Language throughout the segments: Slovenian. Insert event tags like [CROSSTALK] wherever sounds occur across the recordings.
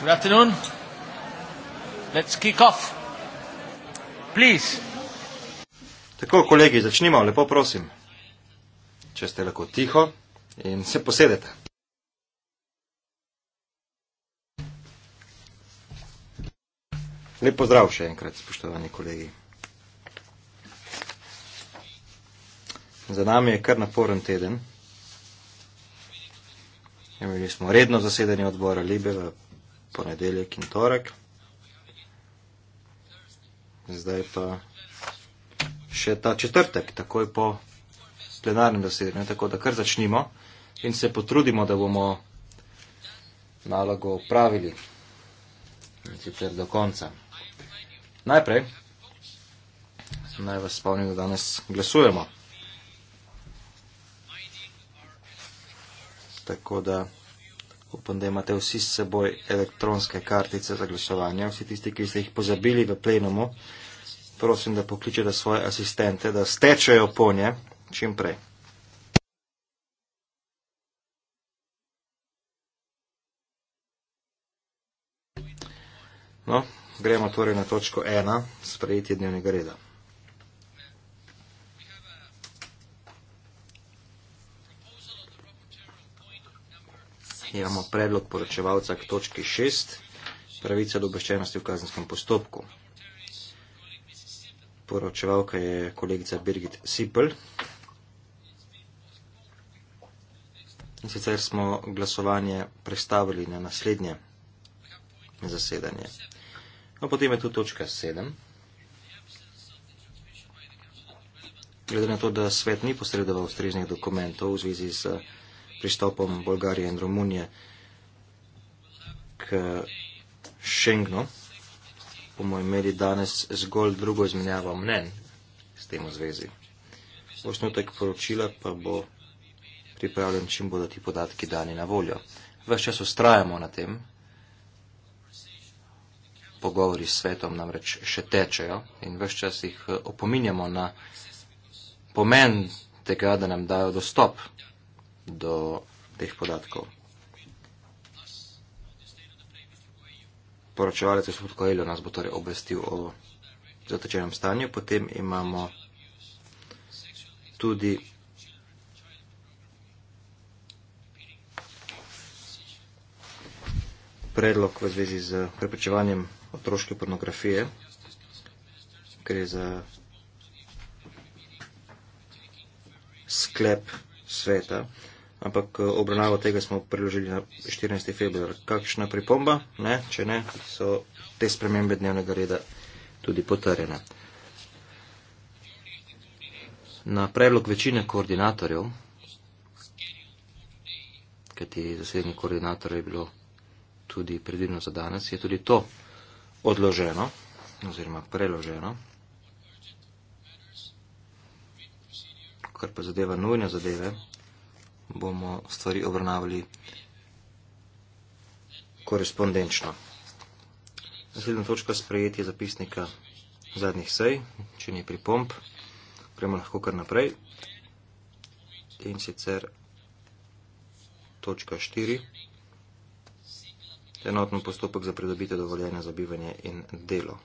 Good afternoon. Let's kick off. Please. Tako, kolegi, začnimo, lepo prosim. Če ste lahko tiho in se posedete. Lep pozdrav še enkrat, spoštovani kolegi. Za nami je kar naporen teden. Imeli smo redno zasedanje odbora Libe v ponedeljek in torek. Zdaj pa še ta četrtek, takoj po plenarnem zasedanju. Tako da kar začnimo in se potrudimo, da bomo nalogo upravili. Sicer do konca. Najprej naj vas spomnim, da danes glasujemo. Tako da Upam, da imate vsi s seboj elektronske kartice za glasovanje. Vsi tisti, ki ste jih pozabili v plenumu, prosim, da pokličete svoje asistente, da stečejo po nje čim prej. No, gremo torej na točko ena, sprejetje dnevnega reda. imamo predlog poročevalca k točki 6, pravica do obveščenosti v kazenskem postopku. Poročevalka je kolegica Birgit Sipel. In sicer smo glasovanje predstavili na naslednje zasedanje. No, potem je tu točka 7. Glede na to, da svet ni posredoval ustreznih dokumentov v zvezi z. Uh, pristopom Bolgarije in Romunije k Schengnu, bomo imeli danes zgolj drugo izmenjavo mnen s tem v zvezi. Osnutek poročila pa bo pripravljen, čim bodo ti podatki dani na voljo. Ves čas ustrajamo na tem, pogovori s svetom namreč še tečejo in ves čas jih eh, opominjamo na pomen tega, da nam dajo dostop do teh podatkov. Poročevalec je gospod Koeljo nas bo torej obvestil o zatečenem stanju, potem imamo tudi predlog v zvezi z preprečevanjem otroške pornografije, ker je za sklep sveta, ampak eh, obravnavo tega smo priložili na 14. februar. Kakšna pripomba? Ne? Če ne, so te spremembe dnevnega reda tudi potrjene. Na predlog večine koordinatorjev, kajti zasednih koordinatorjev je bilo tudi predvideno za danes, je tudi to odloženo oziroma preloženo. Kar pa zadeva nujne zadeve, bomo stvari obravnavali korespondenčno. Naslednja točka sprejetje zapisnika zadnjih sej, če ni pripomp, gremo lahko kar naprej. In sicer točka 4. Enotno postopek za pridobitev dovoljenja za bivanje in delo.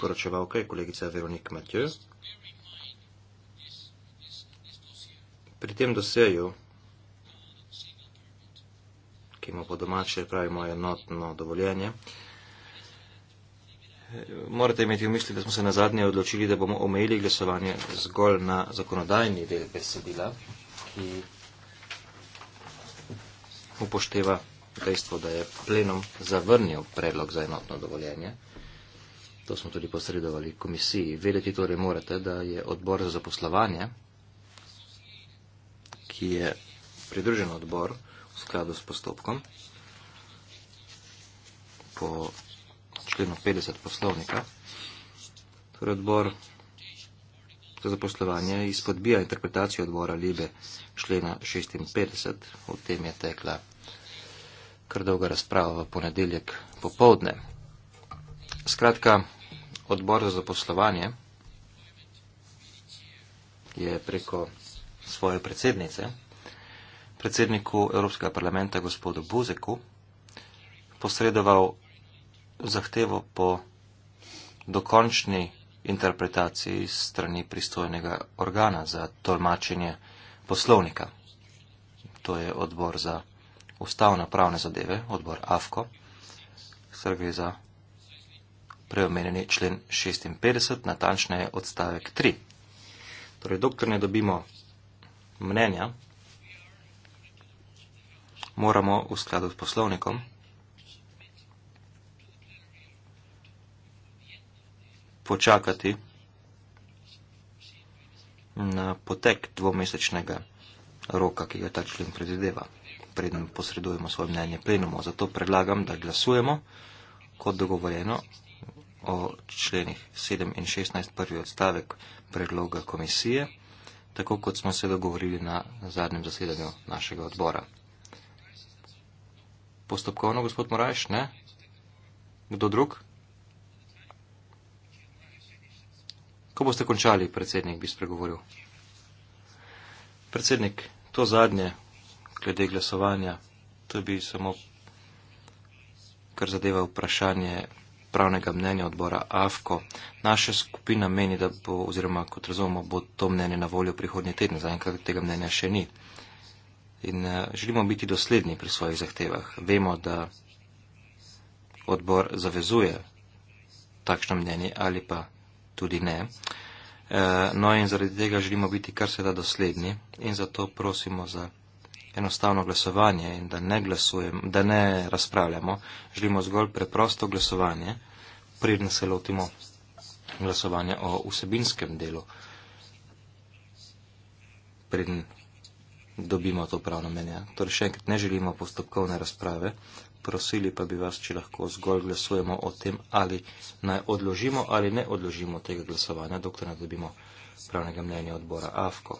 Poročevalka je kolegica Veronika Matjo. pri tem doseju, ki mu po domače pravimo enotno dovoljenje, morate imeti v misli, da smo se na zadnje odločili, da bomo omejili glasovanje zgolj na zakonodajni del besedila, ki upošteva dejstvo, da je plenom zavrnil predlog za enotno dovoljenje. To smo tudi posredovali komisiji. Vedeti torej morate, da je odbor za zaposlovanje ki je pridružen odbor v skladu s postopkom po členu 50 poslovnika. Torej odbor za zaposlovanje izpodbija interpretacijo odbora Libe člena 56. O tem je tekla kar dolga razprava v ponedeljek popovdne. Skratka, odbor za zaposlovanje je preko svoje predsednice, predsedniku Evropskega parlamenta gospodu Buzeku, posredoval zahtevo po dokončni interpretaciji strani pristojnega organa za tolmačenje poslovnika. To je odbor za ustavno pravne zadeve, odbor AFKO, ker gre za preomenjeni člen 56, natančneje odstavek 3. Torej, dokler ne dobimo mnenja, moramo v skladu s poslovnikom počakati na potek dvomesečnega roka, ki ga ta člen predvideva, preden posredujemo svoje mnenje plenumu. Zato predlagam, da glasujemo kot dogovorjeno o členih 7 in 16 prvi odstavek predloga komisije tako kot smo se dogovorili na zadnjem zasedanju našega odbora. Postopkovno, gospod Moraš, ne? Kdo drug? Ko boste končali, predsednik, bi spregovoril. Predsednik, to zadnje, glede glasovanja, to bi samo, kar zadeva vprašanje pravnega mnenja odbora AFKO. Naša skupina meni, da bo, oziroma kot razumemo, bo to mnenje na voljo prihodnji teden. Zaenkrat tega mnenja še ni. In eh, želimo biti dosledni pri svojih zahtevah. Vemo, da odbor zavezuje takšno mnenje ali pa tudi ne. Eh, no in zaradi tega želimo biti kar se da dosledni in zato prosimo za enostavno glasovanje in da ne glasujemo, da ne razpravljamo, želimo zgolj preprosto glasovanje, preden se lotimo glasovanja o vsebinskem delu, preden dobimo to pravno mnenje. Torej še enkrat ne želimo postopkovne razprave, prosili pa bi vas, če lahko zgolj glasujemo o tem, ali naj odložimo ali ne odložimo tega glasovanja, dokler ne dobimo pravnega mnenja odbora AFKO.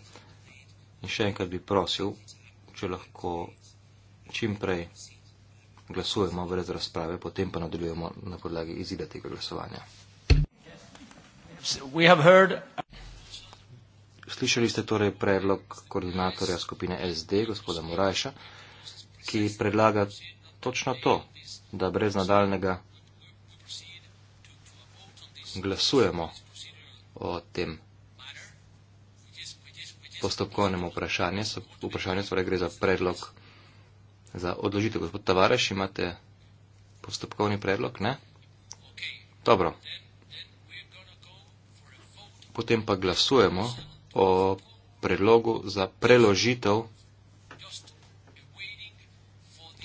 In še enkrat bi prosil, če lahko čim prej glasujemo brez razprave, potem pa nadaljujemo na podlagi izida tega glasovanja. Slišali ste torej predlog koordinatorja skupine SD, gospoda Morajša, ki predlaga točno to, da brez nadaljnega glasujemo o tem postopkovnem vprašanju. Vprašanje torej gre za predlog za odložitev. Gospod Tavares, imate postopkovni predlog? Ne? Dobro. Potem pa glasujemo o predlogu za preložitev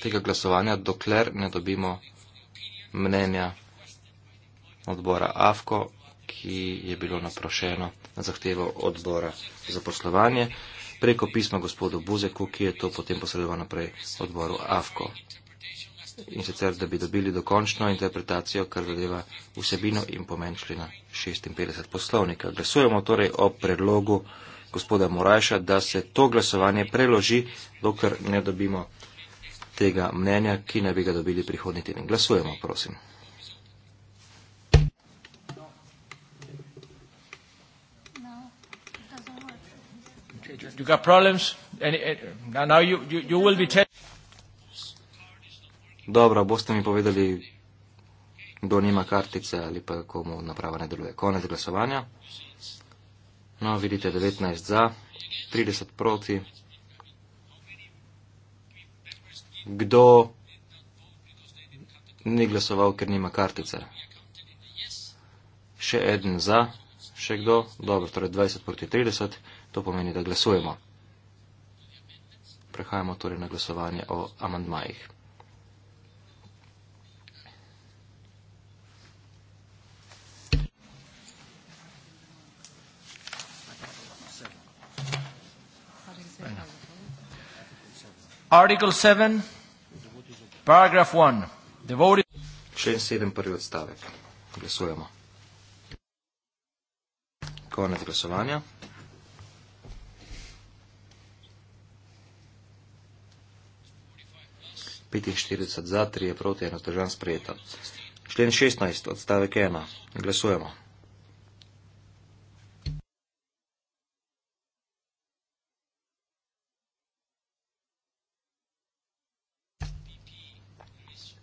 tega glasovanja, dokler ne dobimo mnenja odbora AFKO, ki je bilo naprošeno na zahtevo odbora za poslovanje preko pisma gospodu Buzeku, ki je to potem posredoval naprej odboru AFKO. In sicer, da bi dobili dokončno interpretacijo, kar zadeva vsebino in pomen člena 56 poslovnika. Glasujemo torej o predlogu gospoda Morajša, da se to glasovanje preloži, dokler ne dobimo tega mnenja, ki ne bi ga dobili prihodnji teden. Glasujemo, prosim. you got problems and it, eh, now you, you you will be Dobro, boste mi povedali kdo nima kartice ali pa komu naprava ne deluje. Konec glasovanja. No, vidite 19 za, 30 proti. Kdo ni glasoval, ker nima kartice? Še eden za, še kdo? Dobro, torej 20 proti 30. To pomeni, da glasujemo. Prehajamo torej na glasovanje o amandmajih. Article 7, paragraf 1. Devoted... Člen 7, prvi odstavek. Glasujemo. Konec glasovanja. Okay. 45 za, 3 proti, 1 zdržan sprejeta. Člen 16, odstavek 1. Glasujemo.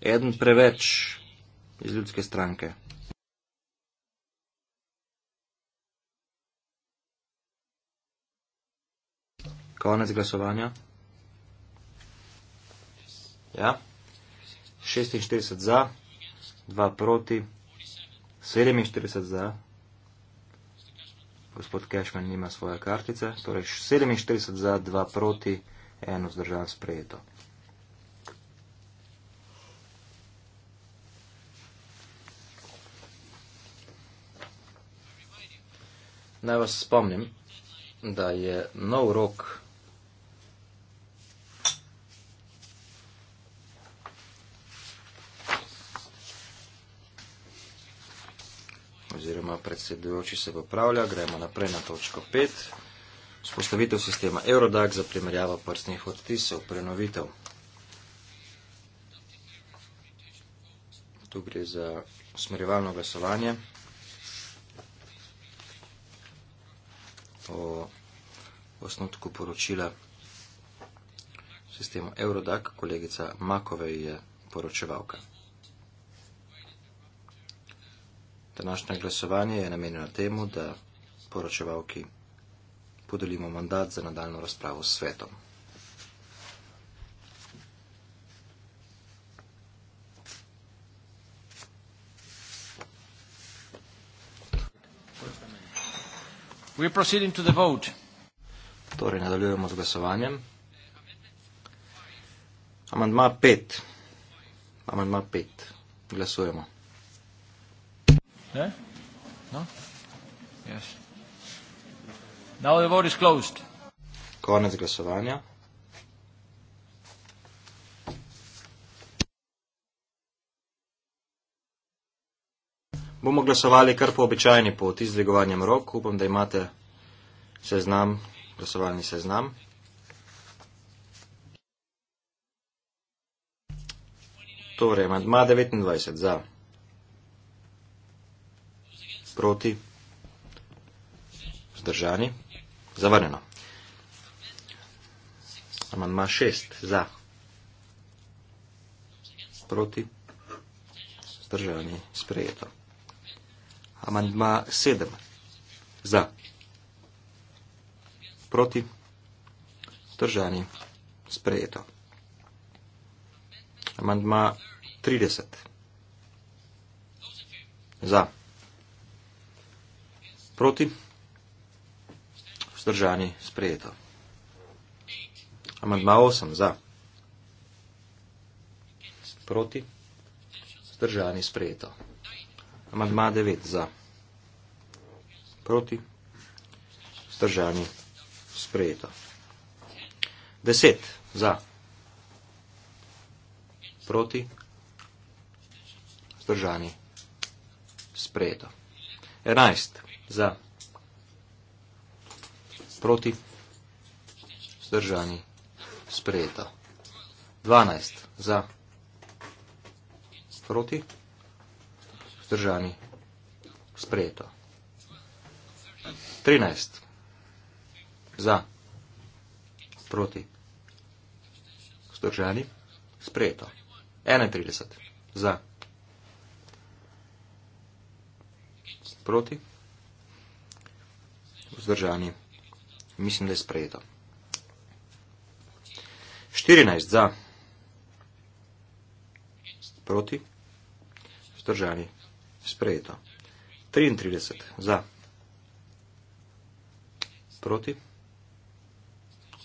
Eden preveč iz ljudske stranke. Konec glasovanja. Ja. 46 za, 2 proti, 47 za. Gospod Cashman nima svoje kartice, torej 47 za, 2 proti, 1 vzdržan sprejeto. Naj vas spomnim, da je nov rok oziroma predsedujoči se popravlja. Gremo naprej na točko 5. Spostavitev sistema Eurodag za primerjavo prstnih odtisov. Prenovitev. Tu gre za usmerjevalno glasovanje o osnotku poročila sistemu Eurodag. Kolegica Makove je poročevalka. Današnje glasovanje je namenjeno temu, da poročevalki podelimo mandat za nadaljno razpravo s svetom. Torej, nadaljujemo z glasovanjem. Amandma 5. Amandma 5. Glasujemo. Ne? No? Yes. Now the vote is closed. Konec glasovanja. Bomo glasovali kar po običajni poti z dvigovanjem rok. Upam, da imate seznam, glasovalni seznam. Torej, ima 29 za. Proti. Zdržani. Zavrnjeno. Amandma šest. Za. Proti. Zdržani. Sprejeto. Amandma sedem. Za. Proti. Zdržani. Sprejeto. Amandma trideset. Za. Proti? Vzdržani sprejeto. Amandma 8 za. Proti? Vzdržani sprejeto. Amandma 9 za. Proti? Vzdržani sprejeto. 10 za. Proti? Vzdržani sprejeto. 11 za, proti, vzdržani, sprejeta. 12 za, proti, vzdržani, sprejeta. 13 za, proti, vzdržani, sprejeta. 31 za, proti, vzdržani, sprejeta. Proti, vzdržani. Mislim, da je sprejeto. 14 za, proti, vzdržani, sprejeto. 33 za, proti,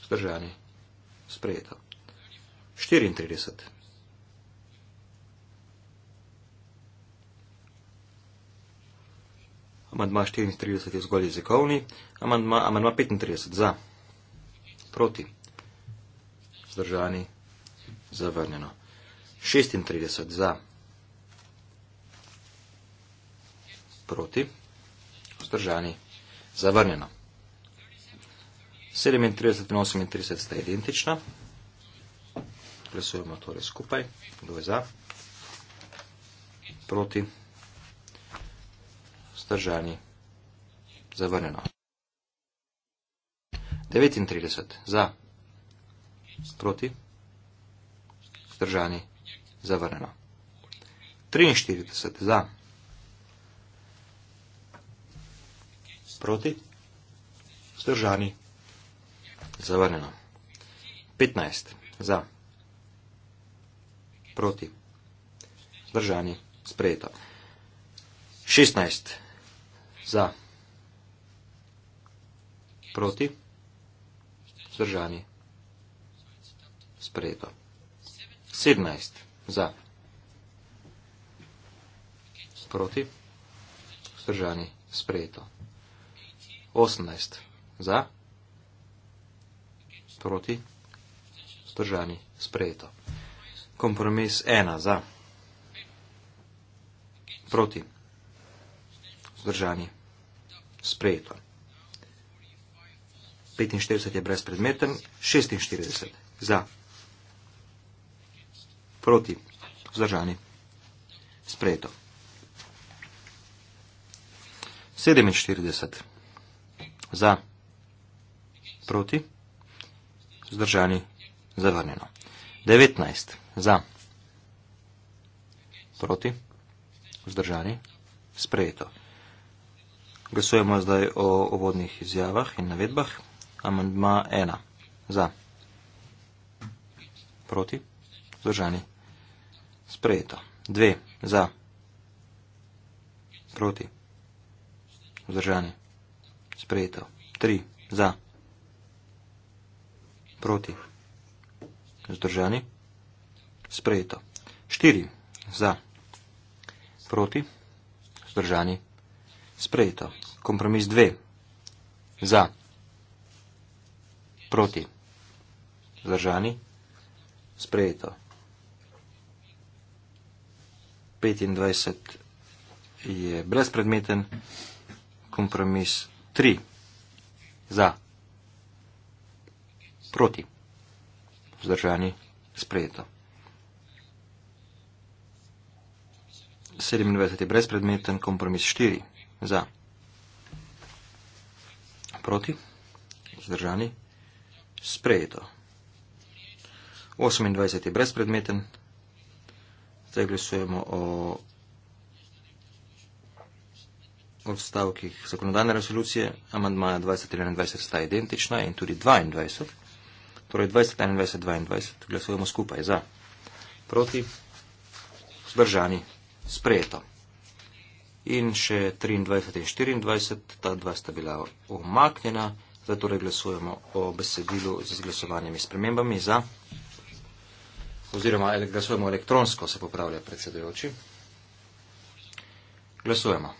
vzdržani, sprejeto. 34 za, proti, vzdržani, sprejeto. amandma 34 je zgolj jezikovni, amandma, amandma 35 za, proti, zdržani, zavrnjeno. 36 za, proti, zdržani, zavrnjeno. 37 in 38 sta identična. Glasujemo torej skupaj. Kdo je za? Proti vzdržani. Zavrnjeno. 39. Za. Proti. Vzdržani. Zavrnjeno. 43. Za. Proti. Vzdržani. Zavrnjeno. 15. Za. Proti. Vzdržani. Sprejeto. 16. Za. Proti. Zdržani. Sprejeto. 17. Za. Proti. Zdržani. Sprejeto. 18. Za. Proti. Zdržani. Sprejeto. Kompromis 1. Za. Proti. Zdržani sprejeto. 45 je brezpredmeten, 46 za, proti, vzdržani, sprejeto. 47 za, proti, vzdržani, zavrnjeno. 19 za, proti, vzdržani, sprejeto. Glasujemo zdaj o uvodnih izjavah in navedbah. Amandma ena. Za. Proti. Zdržani. Sprejeto. Dve. Za. Proti. Zdržani. Sprejeto. Tri. Za. Proti. Zdržani. Sprejeto. Štiri. Za. Proti. Zdržani. Sprejeto. Kompromis dve. Za. Proti. Zdržani. Sprejeto. 25 je brezpredmeten. Kompromis 3. Za. Proti. Zdržani. Sprejeto. 27 je brezpredmeten. Kompromis 4. Za. Proti. Zdržani. Sprejeto. 28 je brezpredmeten. Zdaj glasujemo o odstavkih zakonodajne resolucije. Amandmaja 20 in 21 sta identična in tudi 22. Torej 20, 21, 22. Glasujemo skupaj za. Proti. Zdržani. Sprejeto in še 23 in 24, ta dva sta bila omaknjena, zdaj torej glasujemo o besedilu z izglasovanimi spremembami za, oziroma glasujemo elektronsko, se popravlja predsedujoči. Glasujemo.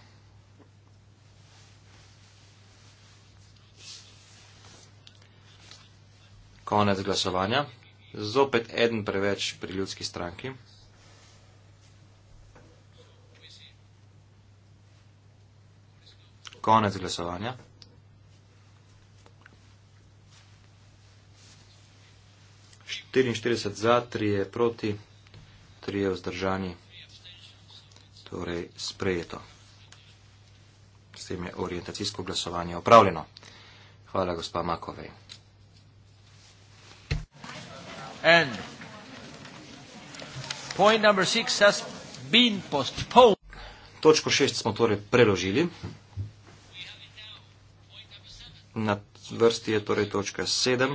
Konec glasovanja. Zopet eden preveč pri ljudski stranki. konec glasovanja. Štiriinštirideset za, tri je proti, tri je vzdržani, torej sprejeto. S tem je orientacijsko glasovanje opravljeno. Hvala, gospa Makovej. And point number six has been postponed. Točko šest smo torej preložili na vrsti je torej točka 7,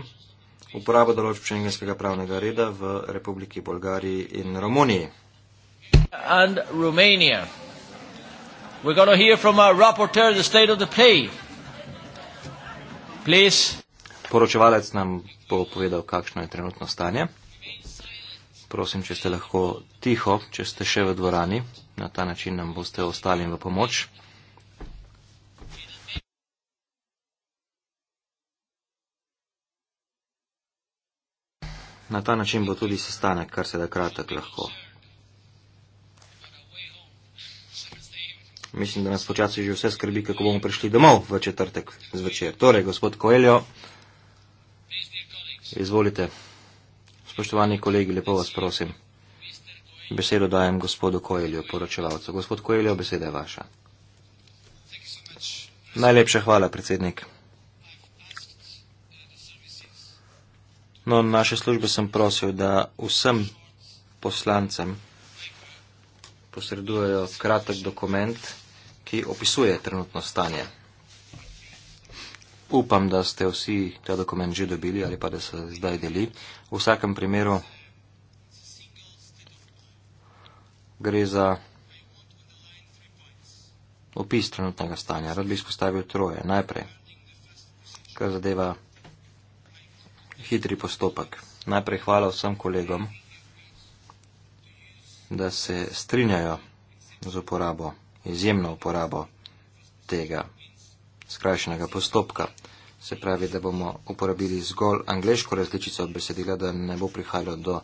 uporaba določb šengenskega pravnega reda v Republiki Bolgariji in Romuniji. And Romania. We're going to hear from our rapporteur the state of the play. Please. Poročevalec nam bo povedal, kakšno je trenutno stanje. Prosim, če ste lahko tiho, če ste še v dvorani, na ta način nam boste ostali v pomoč. na ta način bo tudi sestanek, kar se da kratek lahko. Mislim, da nas počasi že vse skrbi, kako bomo prišli domov v četrtek zvečer. Torej, gospod Koeljo, izvolite. Spoštovani kolegi, lepo vas prosim. Besedo dajem gospodu Koeljo, poročevalcu. Gospod Koeljo, beseda je vaša. Najlepša hvala, predsednik. No, naše službe sem prosil, da vsem poslancem posredujejo kratek dokument, ki opisuje trenutno stanje. Upam, da ste vsi ta dokument že dobili ali pa da se zdaj deli. V vsakem primeru gre za opis trenutnega stanja. Rad bi izpostavil troje. Najprej, kar zadeva hitri postopek. Najprej hvala vsem kolegom, da se strinjajo z uporabo, izjemno uporabo tega skrajšanega postopka. Se pravi, da bomo uporabili zgolj angliško različico besedila, da ne bo prihajalo do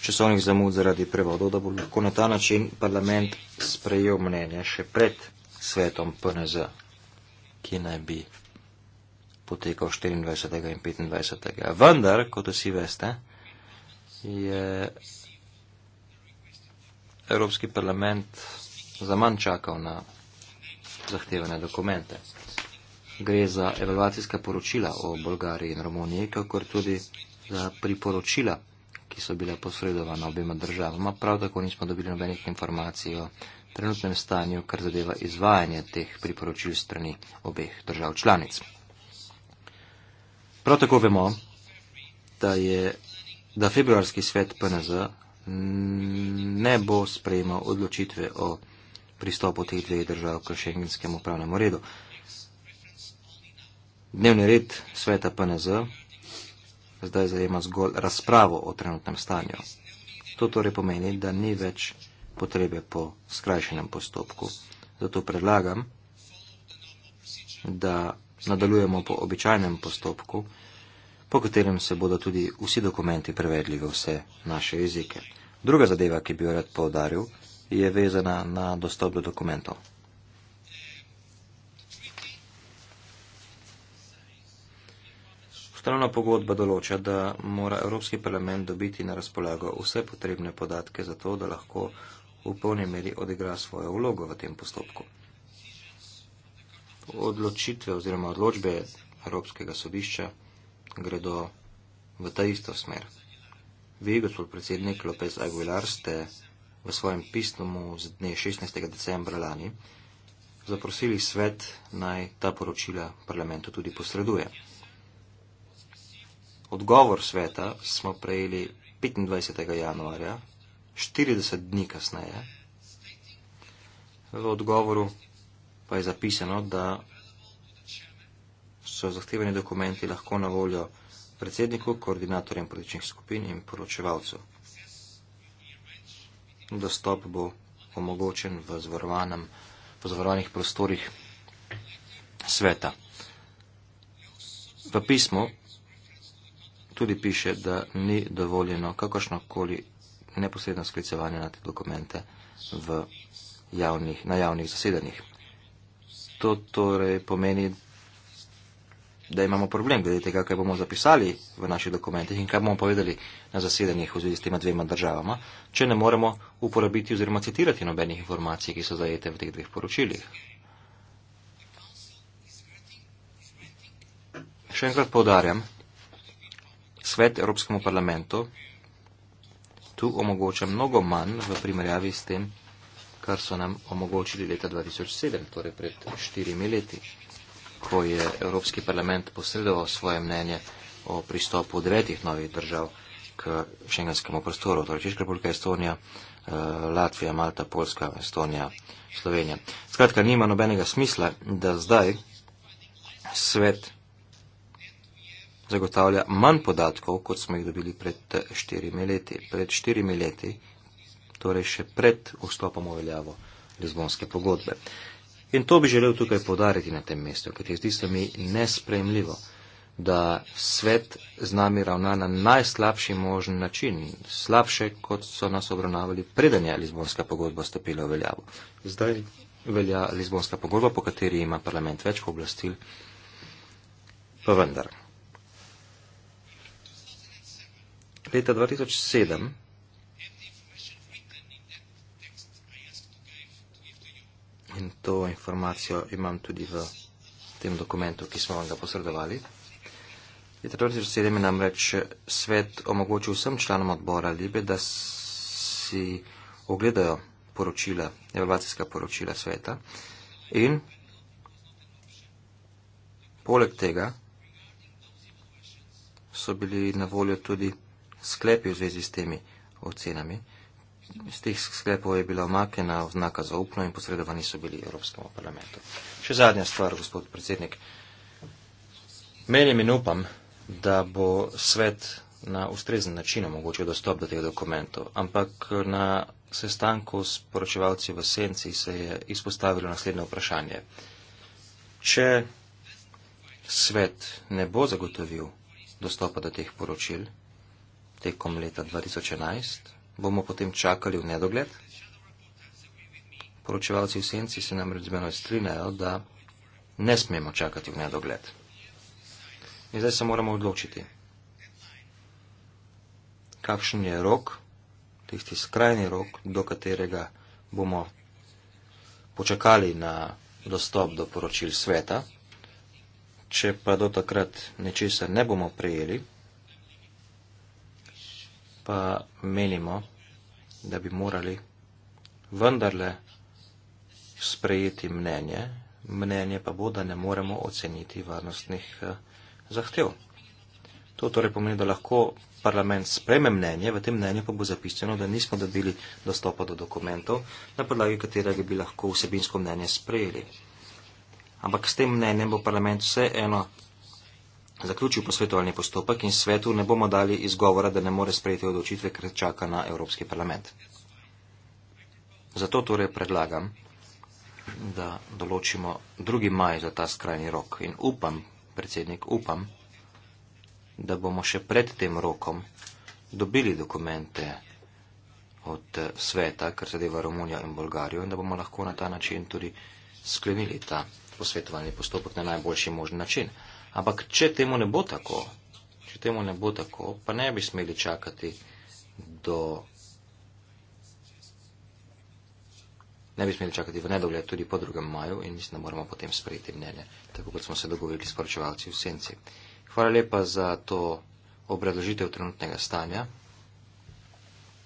časovnih zamud zaradi prevodov, da bo lahko na ta način parlament sprejel mnenje še pred svetom PNZ, ki naj bi potekal 24. in 25. Vendar, kot vsi veste, je Evropski parlament zaman čakal na zahtevane dokumente. Gre za evalvacijska poročila o Bolgariji in Romuniji, kakor tudi za priporočila, ki so bila posredovana obima državama. Prav tako nismo dobili nobenih informacij o trenutnem stanju, kar zadeva izvajanje teh priporočil strani obeh držav članic. Prav tako vemo, da, je, da februarski svet PNZ ne bo sprejemal odločitve o pristopu teh dveh držav k šengenskemu pravnemu redu. Dnevni red sveta PNZ zdaj zajema zgolj razpravo o trenutnem stanju. To torej pomeni, da ni več potrebe po skrajšenem postopku. Zato predlagam, da nadaljujemo po običajnem postopku, po katerem se bodo tudi vsi dokumenti prevedli v vse naše jezike. Druga zadeva, ki bi jo rad povdaril, je vezana na dostop do dokumentov. Ustanovna pogodba določa, da mora Evropski parlament dobiti na razpolago vse potrebne podatke za to, da lahko v polni meri odigra svojo vlogo v tem postopku odločitve oziroma odločbe Evropskega sodišča gredo v ta isto smer. Vi, gospod predsednik Lopez Aguilar, ste v svojem pismu z dne 16. decembra lani zaprosili svet naj ta poročila parlamentu tudi posreduje. Odgovor sveta smo prejeli 25. januarja, 40 dni kasneje. V odgovoru pa je zapisano, da so zahtevani dokumenti lahko na voljo predsedniku, koordinatorjem političnih skupin in poročevalcu. Dostop bo omogočen v zvarovanih prostorih sveta. V pismu tudi piše, da ni dovoljeno kakršnokoli neposredno sklicevanje na te dokumente v javnih, na javnih zasedanjih. To torej pomeni, da imamo problem glede tega, kaj bomo zapisali v naših dokumentih in kaj bomo povedali na zasedanjih v zvezi s tema dvema državama, če ne moremo uporabiti oziroma citirati nobenih informacij, ki so zajete v teh dveh poročilih. Še enkrat povdarjam, svet Evropskemu parlamentu tu omogoča mnogo manj v primerjavi s tem, kar so nam omogočili leta 2007, torej pred štirimi leti, ko je Evropski parlament posredoval svoje mnenje o pristopu devetih novih držav k šengenskemu prostoru, torej Češka republika Estonija, eh, Latvija, Malta, Polska, Estonija, Slovenija. Skratka, nima nobenega smisla, da zdaj svet zagotavlja manj podatkov, kot smo jih dobili pred eh, štirimi leti. Pred štirimi leti torej še pred vstopom v veljavo Lizbonske pogodbe. In to bi želel tukaj podariti na tem mestu, ker je zdi se mi nespremljivo, da svet z nami ravna na najslabši možen način, slabše, kot so nas obravnavali predanja Lizbonska pogodba stopila v veljavo. Zdaj velja Lizbonska pogodba, po kateri ima parlament več pooblastil, pa vendar. Leta 2007 in to informacijo imam tudi v tem dokumentu, ki smo vam ga posredovali. Leta 2007 je namreč svet omogočil vsem članom odbora Libe, da si ogledajo poročila, evalvacijska poročila sveta in poleg tega so bili na voljo tudi sklepi v zvezi s temi ocenami. Iz teh sklepov je bila omakena oznaka za upno in posredovani so bili Evropskemu parlamentu. Še zadnja stvar, gospod predsednik. Menim in upam, da bo svet na ustrezen način omogočil dostop do teh dokumentov, ampak na sestanku s poročevalci v Senci se je izpostavilo naslednje vprašanje. Če svet ne bo zagotovil dostopa do teh poročil tekom leta 2011, bomo potem čakali v nedogled. Poročevalci v senci se namreč z menoj strinjajo, da ne smemo čakati v nedogled. In zdaj se moramo odločiti, kakšen je rok, tisti skrajni rok, do katerega bomo počakali na dostop do poročil sveta. Če pa do takrat nečesa ne bomo prejeli, pa menimo, da bi morali vendarle sprejeti mnenje, mnenje pa bo, da ne moremo oceniti varnostnih eh, zahtev. To torej pomeni, da lahko parlament spreme mnenje, v tem mnenju pa bo zapisano, da nismo dobili dostopa do dokumentov, na podlagi katerega bi lahko vsebinsko mnenje sprejeli. Ampak s tem mnenjem bo parlament vseeno zaključil posvetovalni postopek in svetu ne bomo dali izgovora, da ne more sprejeti odločitve, ker čaka na Evropski parlament. Zato torej predlagam, da določimo drugi maj za ta skrajni rok in upam, predsednik, upam, da bomo še pred tem rokom dobili dokumente od sveta, kar zadeva Romunijo in Bolgarijo, in da bomo lahko na ta način tudi sklenili ta posvetovalni postopek na najboljši možen način. Ampak, če temu ne bo tako, če temu ne bo tako, pa ne bi smeli čakati do. Ne bi smeli čakati v nedogled tudi po drugem maju in mislim, da moramo potem sprejeti mnenje, tako kot smo se dogovorili s poročevalci v senci. Hvala lepa za to obrazložitev trenutnega stanja.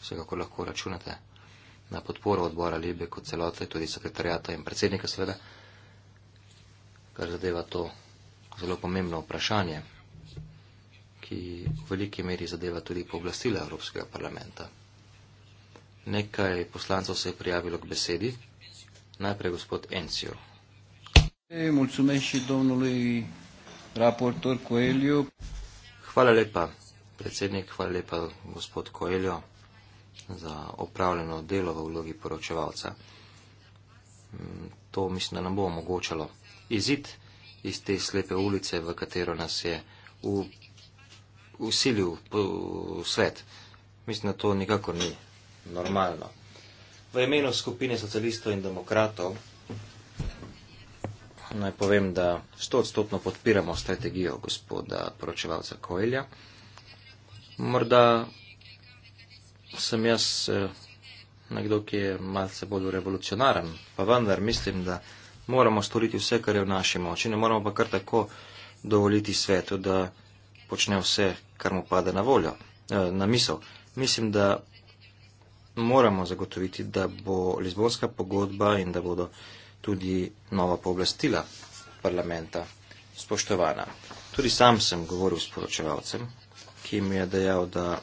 Vsekakor lahko računate na podporo odbora Libe kot celote, tudi sekretarjata in predsednika seveda, kar zadeva to zelo pomembno vprašanje, ki v veliki meri zadeva tudi pooblastila Evropskega parlamenta. Nekaj poslancov se je prijavilo k besedi. Najprej gospod Encio. Hvala lepa, predsednik, hvala lepa, gospod Koeljo, za opravljeno delo v vlogi poročevalca. Mm, to mislim, da nam bo omogočalo. Izid iz te slepe ulice, v katero nas je v, usilil v svet. Mislim, da to nikako ni normalno. V imenu skupine socialistov in demokratov naj povem, da stotstotno podpiramo strategijo gospoda poročevalca Kojlja. Morda sem jaz eh, nekdo, ki je malce bolj revolucionaren, pa vendar mislim, da moramo storiti vse, kar je v naši moči, ne moramo pa kar tako dovoliti svetu, da počne vse, kar mu pade na voljo, eh, na misel. Mislim, da moramo zagotoviti, da bo Lizbonska pogodba in da bodo tudi nova pooblastila parlamenta spoštovana. Tudi sam sem govoril s poročevalcem, ki mi je dejal, da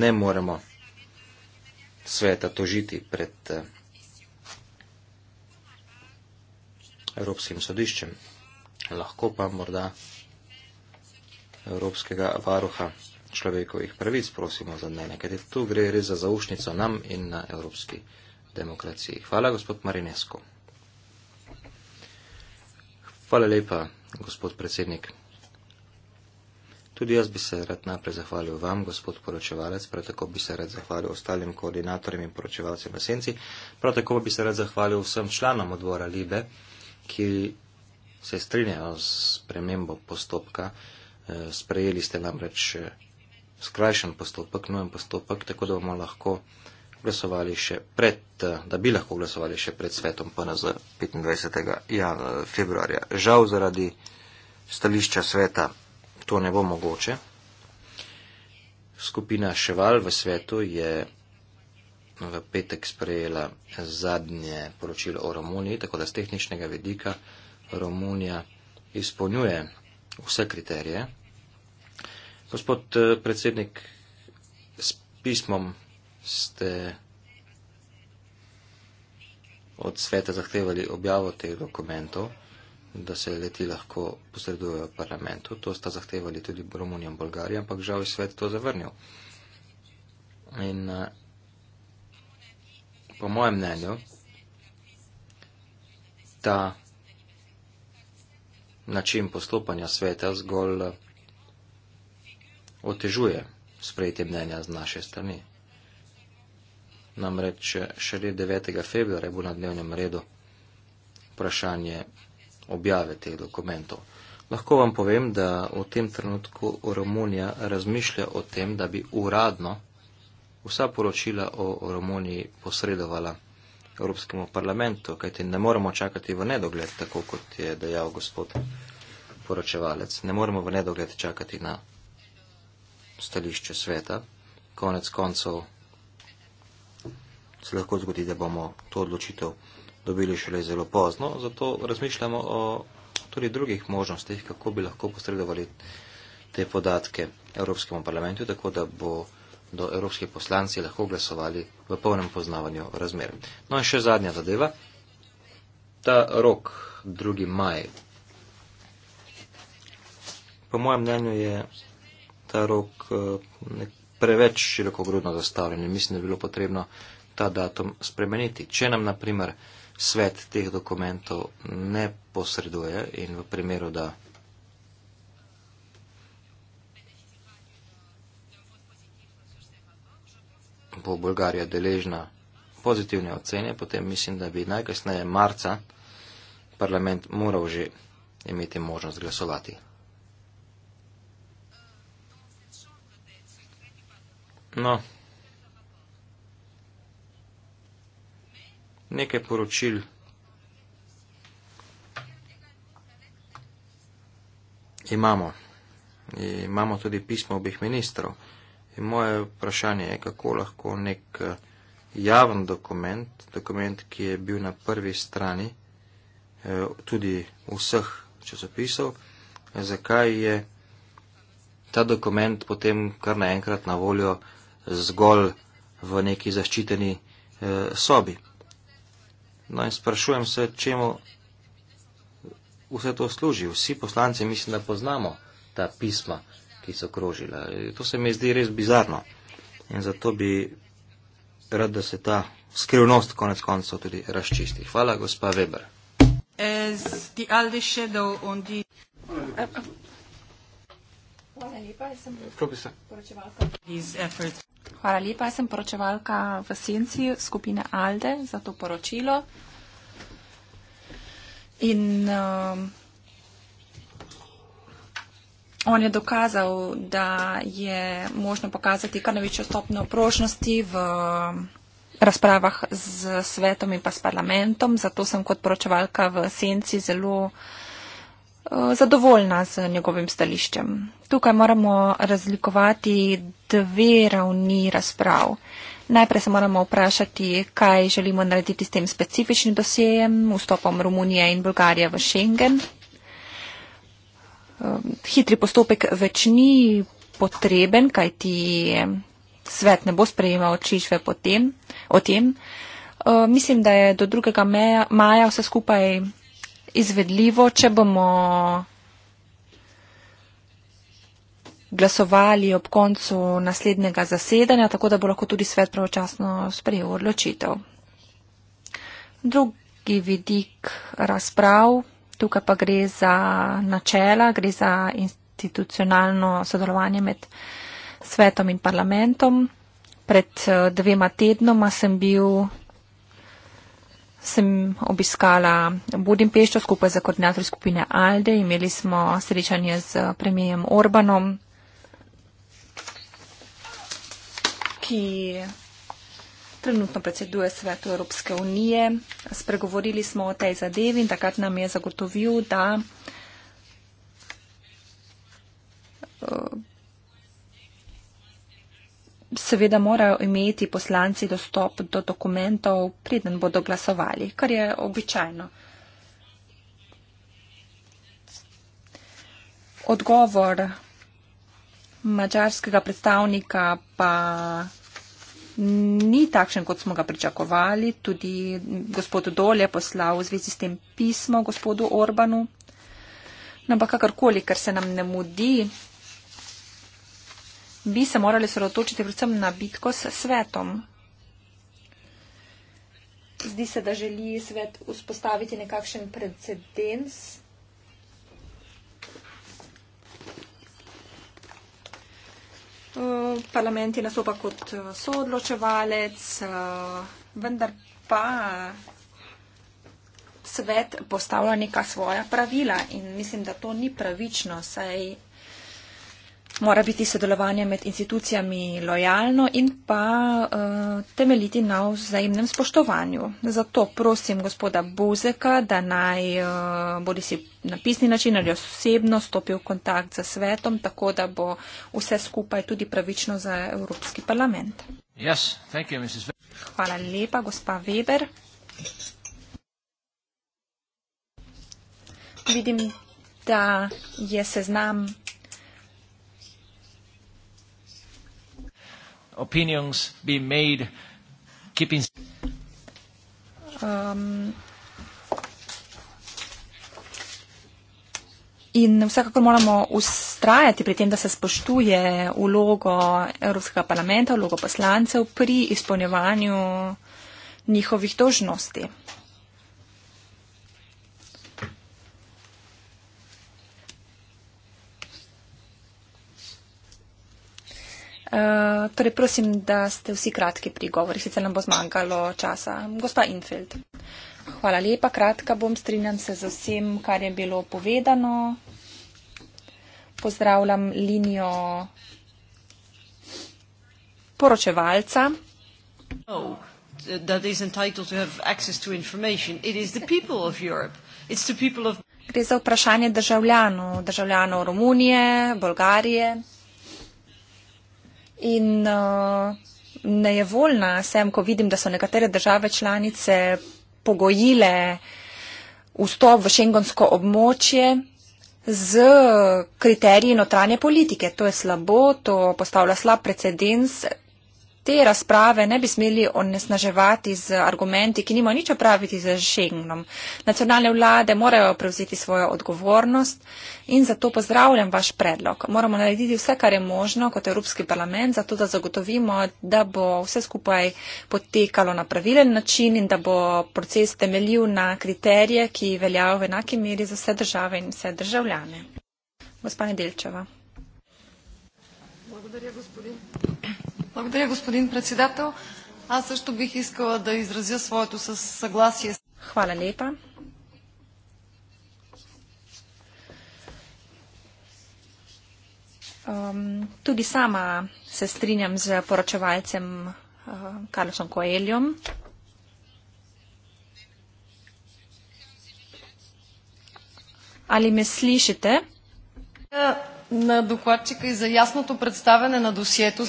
ne moremo sveta tožiti pred. Eh, Evropskim sodiščem, lahko pa morda Evropskega varuha človekovih pravic prosimo za mnenje, ker tu gre res za zaušnico nam in na evropski demokraciji. Hvala, gospod Marinesko. Hvala lepa, gospod predsednik. Tudi jaz bi se rad najprej zahvalil vam, gospod poročevalec, prav tako bi se rad zahvalil ostalim koordinatorjem in poročevalcem v senci, prav tako bi se rad zahvalil vsem članom odbora Libe ki se strinjajo s premembo postopka. Eh, sprejeli ste namreč eh, skrajšen postopek, nujen postopek, tako da bomo lahko glasovali še pred, eh, da bi lahko glasovali še pred svetom PNZ 25. Ja-, februarja. Žal zaradi stališča sveta to ne bo mogoče. Skupina Ševal v svetu je v petek sprejela zadnje poročilo o Romuniji, tako da z tehničnega vidika Romunija izpolnjuje vse kriterije. Gospod eh, predsednik, s pismom ste od sveta zahtevali objavo teh dokumentov, da se leti lahko posredujejo parlamentu. To sta zahtevali tudi Romunija in Bolgarija, ampak žal je svet to zavrnil. In eh, po mojem mnenju, ta način postopanja sveta zgolj otežuje sprejetje mnenja z naše strani. Namreč šele 9. februarja bo na dnevnem redu vprašanje objave teh dokumentov. Lahko vam povem, da v tem trenutku Romunija razmišlja o tem, da bi uradno vsa poročila o Romuniji posredovala Evropskemu parlamentu, kajti ne moremo čakati v nedogled, tako kot je dejal gospod poročevalec. Ne moremo v nedogled čakati na stališče sveta. Konec koncev se lahko zgodi, da bomo to odločitev dobili šele zelo pozno, zato razmišljamo o tudi drugih možnostih, kako bi lahko posredovali te podatke Evropskemu parlamentu, tako da bo da evropski poslanci lahko glasovali v polnem poznavanju razmer. No in še zadnja zadeva. Ta rok, 2. maj, po mojem mnenju je ta rok eh, preveč širokogrudno zastavljen in mislim, da je bilo potrebno ta datum spremeniti. Če nam, na primer, svet teh dokumentov ne posreduje in v primeru, da bo Bolgarija deležna pozitivne ocene, potem mislim, da bi najkasneje marca parlament moral že imeti možnost glasovati. No. Nekaj poročil. Imamo. Imamo tudi pismo obih ministrov. In moje vprašanje je, kako lahko nek eh, javen dokument, dokument, ki je bil na prvi strani eh, tudi vseh časopisov, eh, zakaj je ta dokument potem kar naenkrat na voljo zgolj v neki zaščiteni sobi. No in sprašujem se, čemu vse to služi. Vsi poslanci mislim, da poznamo ta pisma, ki so krožila. To se mi zdi res bizarno in zato bi rad, da se ta skrivnost konec koncev tudi razčisti. Hvala, gospa Weber. Hvala lepa, jaz sem poročevalka v senci skupine Alde za to poročilo. In um, On je dokazal, da je možno pokazati kar največjo stopno prošnosti v razpravah z svetom in pa s parlamentom, zato sem kot poročevalka v senci zelo eh, zadovoljna z njegovim stališčem. Tukaj moramo razlikovati dve ravni razprav. Najprej se moramo vprašati, kaj želimo narediti s tem specifičnim dosejem, vstopom Romunije in Bulgarije v Schengen. Um, hitri postopek več ni potreben, kaj ti svet ne bo sprejemal čišve potem, o tem. Um, mislim, da je do 2. maja vse skupaj izvedljivo, če bomo glasovali ob koncu naslednjega zasedanja, tako da bo lahko tudi svet pravočasno sprejel odločitev. Drugi vidik razprav tukaj pa gre za načela, gre za institucionalno sodelovanje med svetom in parlamentom. Pred eh, dvema tednoma sem bil, sem obiskala Budimpešto skupaj z koordinatorjem skupine Alde, imeli smo srečanje z premijem Orbanom, ki trenutno predseduje svetu Evropske unije. Spregovorili smo o tej zadevi in takrat nam je zagotovil, da eh, seveda morajo imeti poslanci dostop do dokumentov, preden bodo glasovali, kar je običajno. Odgovor. Mačarskega predstavnika pa ni takšen, kot smo ga pričakovali. Tudi gospod Dole je poslal v zvezi s tem pismo gospodu Orbanu. No, ampak kakorkoli, ker se nam ne mudi, bi se morali sredotočiti predvsem na bitko s svetom. Zdi se, da želi svet vzpostaviti nekakšen precedens parlament je nastopa kot eh, soodločevalec, eh, vendar pa svet postavlja neka svoja pravila in mislim, da to ni pravično, saj mora biti sodelovanje med institucijami lojalno in pa uh, temeljiti na vzajemnem spoštovanju. Zato prosim gospoda Bozeka, da naj uh, eh, bodi si na pisni način ali osebno stopil v kontakt z svetom, tako da bo vse skupaj tudi pravično za Evropski parlament. Yes, you, Hvala lepa, gospa Weber. Vidim, da je seznam opinions be made keeping um. In vsekakor moramo ustrajati pri tem, da se spoštuje ulogo Evropskega parlamenta, ulogo poslancev pri izpolnjevanju njihovih dožnosti. Eh, torej prosim, da ste vsi kratki pri govori, sicer nam bo zmanjkalo časa. Gospa Infeld. Hvala lepa, kratka bom, strinjam se z vsem, kar je bilo povedano. Pozdravljam linijo poročevalca. Oh, Gre za vprašanje državljanov, državljanov Romunije, Bolgarije in uh, nejevoljna sem, ko vidim, da so nekatere države članice pogojile vstop v šengonsko območje z kriteriji notranje politike. To je slabo, to postavlja slab precedens, te razprave ne bi smeli onesnaževati z argumenti, ki nimajo nič opraviti z Schengenom. Nacionalne vlade morajo prevzeti svojo odgovornost in zato pozdravljam vaš predlog. Moramo narediti vse, kar je možno kot Evropski parlament, zato da zagotovimo, da bo vse skupaj potekalo na pravilen način in da bo proces temeljil na kriterije, ki veljajo v enaki meri za vse države in vse državljane. Gospa Nedelčeva. Благодаря, господин. Благодаря, господин председател. Аз също бих искала да изразя своето съгласие. Хвала лепа. Um, tudi sama se strinjam z poročevalcem uh, Carlosom Coeljom. Ali me slišite? Na dokladčika in za jasno predstavljanje na dosjetu.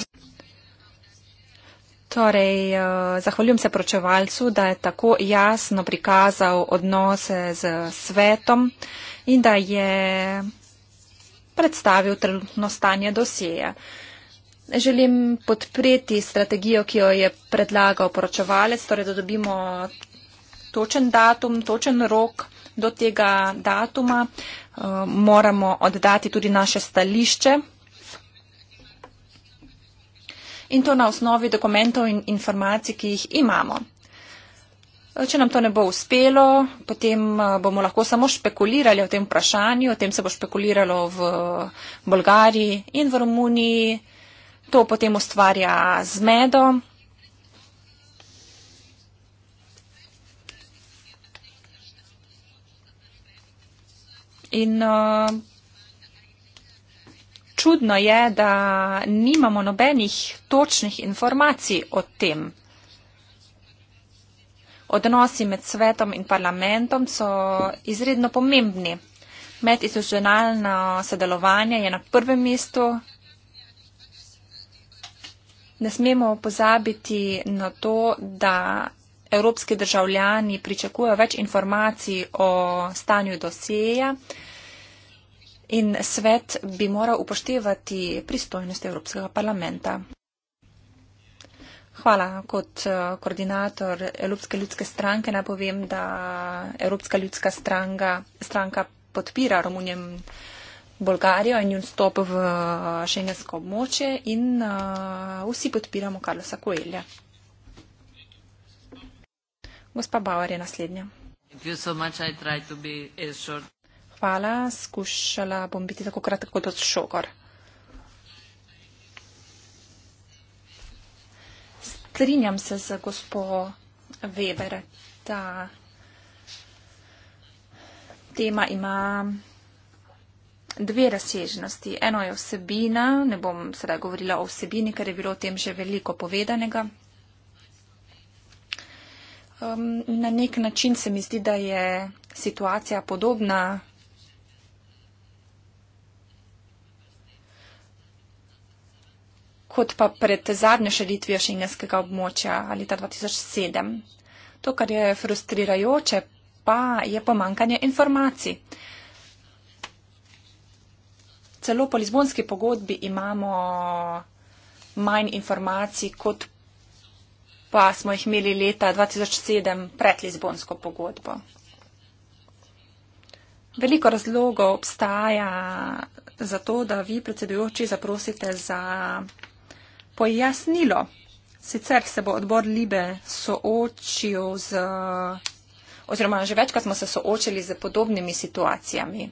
Torej, eh, zahvaljujem se pročevalcu, da je tako jasno prikazal odnose z svetom in da je predstavil trenutno stanje dosjeja. Želim podpreti strategijo, ki jo je predlagal poročevalec, torej da dobimo točen datum, točen rok do tega datuma. Eh, moramo oddati tudi naše stališče in to na osnovi dokumentov in informacij, ki jih imamo. Če nam to ne bo uspelo, potem eh, bomo lahko samo špekulirali o tem vprašanju, o tem se bo špekuliralo v Bolgariji in v Romuniji. To potem ustvarja zmedo. In uh, čudno je, da nimamo nobenih točnih informacij o tem. Odnosi med svetom in parlamentom so izredno pomembni. Medinstitucionalno sodelovanje je na prvem mestu. Ne smemo pozabiti na to, da evropski državljani pričakujejo več informacij o stanju doseja in svet bi moral upoštevati pristojnosti Evropskega parlamenta. Hvala. Kot eh, koordinator Evropske ljudske stranke naj povem, da Evropska ljudska stranka, stranka podpira Romunijem Bolgarijo in njun stop v eh, šengensko območje in eh, vsi podpiramo Karlosa Koelja. Gospa Bauer je naslednja. Thank you so much. I try to be as short. Hvala, skušala bom biti tako kratka kot šogor. Strinjam se z gospo Weber, da tema ima dve razsežnosti. Eno je vsebina, ne bom sedaj govorila o vsebini, ker je bilo o tem že veliko povedanega. Um, na nek način se mi zdi, da je situacija podobna kot pa pred zadnjo širitvijo šengenskega območja leta 2007. To, kar je frustrirajoče, pa je pomankanje informacij. Celo po Lizbonski pogodbi imamo manj informacij, kot pa smo jih imeli leta 2007 pred Lizbonsko pogodbo. Veliko razlogov obstaja za to, da vi predsedujoči zaprosite za pojasnilo. Sicer se bo odbor Libe soočil z, oziroma že večkrat smo se soočili z podobnimi situacijami.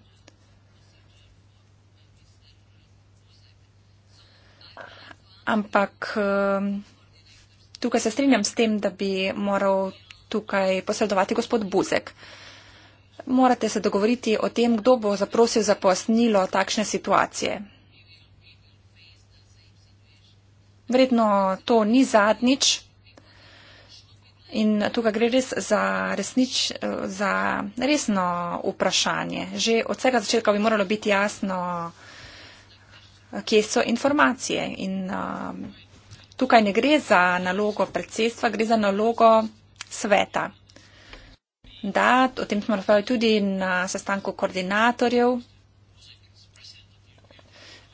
Ampak ehm, tukaj se strinjam s tem, da bi moral tukaj posredovati gospod Buzek. Morate se dogovoriti o tem, kdo bo zaprosil za pojasnilo takšne situacije. Vredno to ni zadnjič in tukaj gre res za, resnič, za resno vprašanje. Že od vsega začetka bi moralo biti jasno, kje so informacije. In uh, tukaj ne gre za nalogo predsedstva, gre za nalogo sveta. Da, o tem smo razpravljali tudi na sestanku koordinatorjev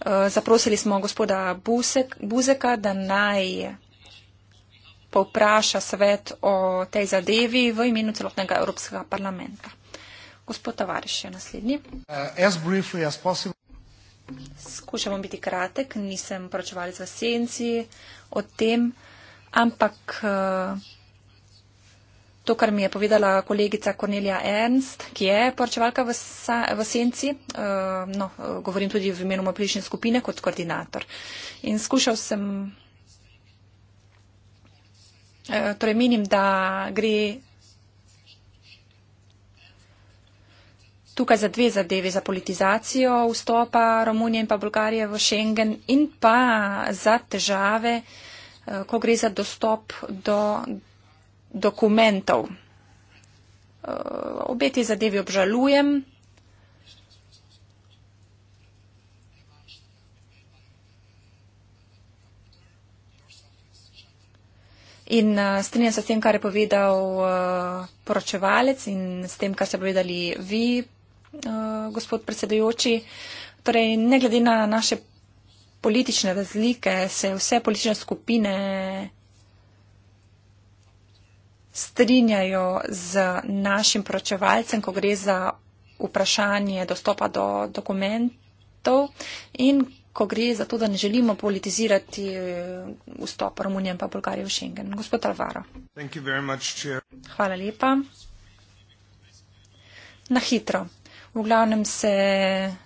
Eh, zaprosili smo gospoda Busek, Buzeka, da naj povpraša svet o tej zadevi v imenu celotnega Evropskega parlamenta. Gospod Tavariš je naslednji. Eh, Skušamo biti kratek, nisem poročevalec v senci o tem, ampak. Uh, to, kar mi je povedala kolegica Cornelija Ernst, ki je poročevalka v, v Senci, eh, no, govorim tudi v imenu moje prejšnje skupine kot koordinator. In skušal sem, eh, torej menim, da gre tukaj za dve zadeve, za politizacijo vstopa Romunije in pa Bulgarije v Schengen in pa za težave, eh, ko gre za dostop do. do dokumentov. Eh, Obe ti zadevi obžalujem. In eh, strinjam se s tem, kar je povedal eh, poročevalec in s tem, kar ste povedali vi, gospod predsedujoči. Torej, ne glede na naše politične razlike, se vse politične skupine strinjajo z našim pročevalcem, ko gre za vprašanje dostopa do dokumentov in ko gre za to, da ne želimo politizirati eh, vstop Romunije in pa Bulgarije v Schengen. Gospod Alvaro. Much, Hvala lepa. Na hitro. V glavnem se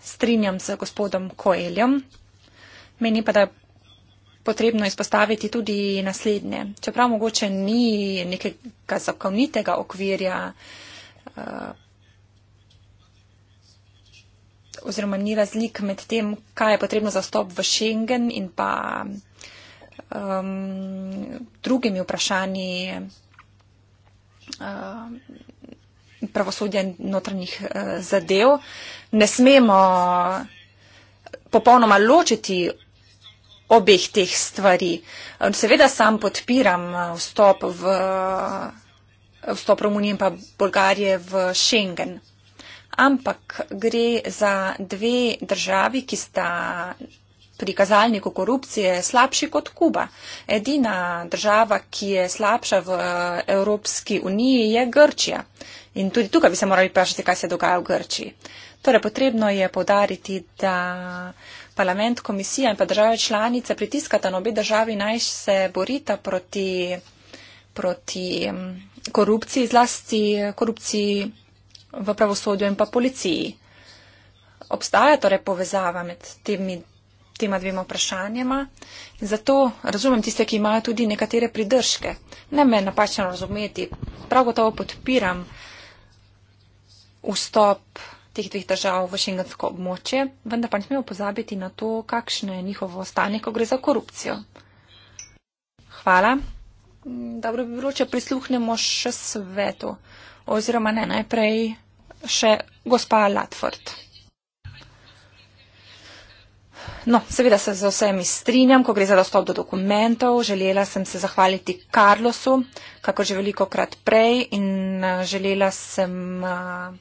strinjam z gospodom Koeljem. Meni pa, da potrebno izpostaviti tudi naslednje. Čeprav mogoče ni nekega zakonitega okvirja eh, oziroma ni razlik med tem, kaj je potrebno za stop v Schengen in pa um, drugimi vprašanji um, pravosodja notranjih uh, zadev. Ne smemo popolnoma ločiti obeh teh stvari. Ehm, seveda sam podpiram eh, vstop, v, eh, vstop Romunije in pa Bolgarije v Schengen. Ampak gre za dve državi, ki sta pri kazalniku korupcije slabši kot Kuba. Edina država, ki je slabša v eh, Evropski uniji, je Grčija. In tudi tukaj bi se morali vprašati, kaj se dogaja v Grčiji. Torej, potrebno je podariti, da. Uh, parlament, komisija in pa države članice pritiskata na obe državi, naj se borita proti, proti mm, korupciji, zlasti korupciji v pravosodju in pa policiji. Obstaja torej povezava med temi, tema dvema vprašanjama in zato razumem tiste, ki imajo tudi nekatere pridržke. Ne me napačno razumeti, prav gotovo podpiram vstop teh dveh držav v šengensko območje, vendar pa ne smemo pozabiti na to, kakšno je njihovo stanje, ko gre za korupcijo. Hvala. Dobro bi bilo, če prisluhnemo še svetu, oziroma ne najprej še gospa Latford. No, seveda se z vsemi strinjam, ko gre za dostop do dokumentov. Želela sem se zahvaliti Karlosu, kako že veliko krat prej, in eh, želela sem. Uh,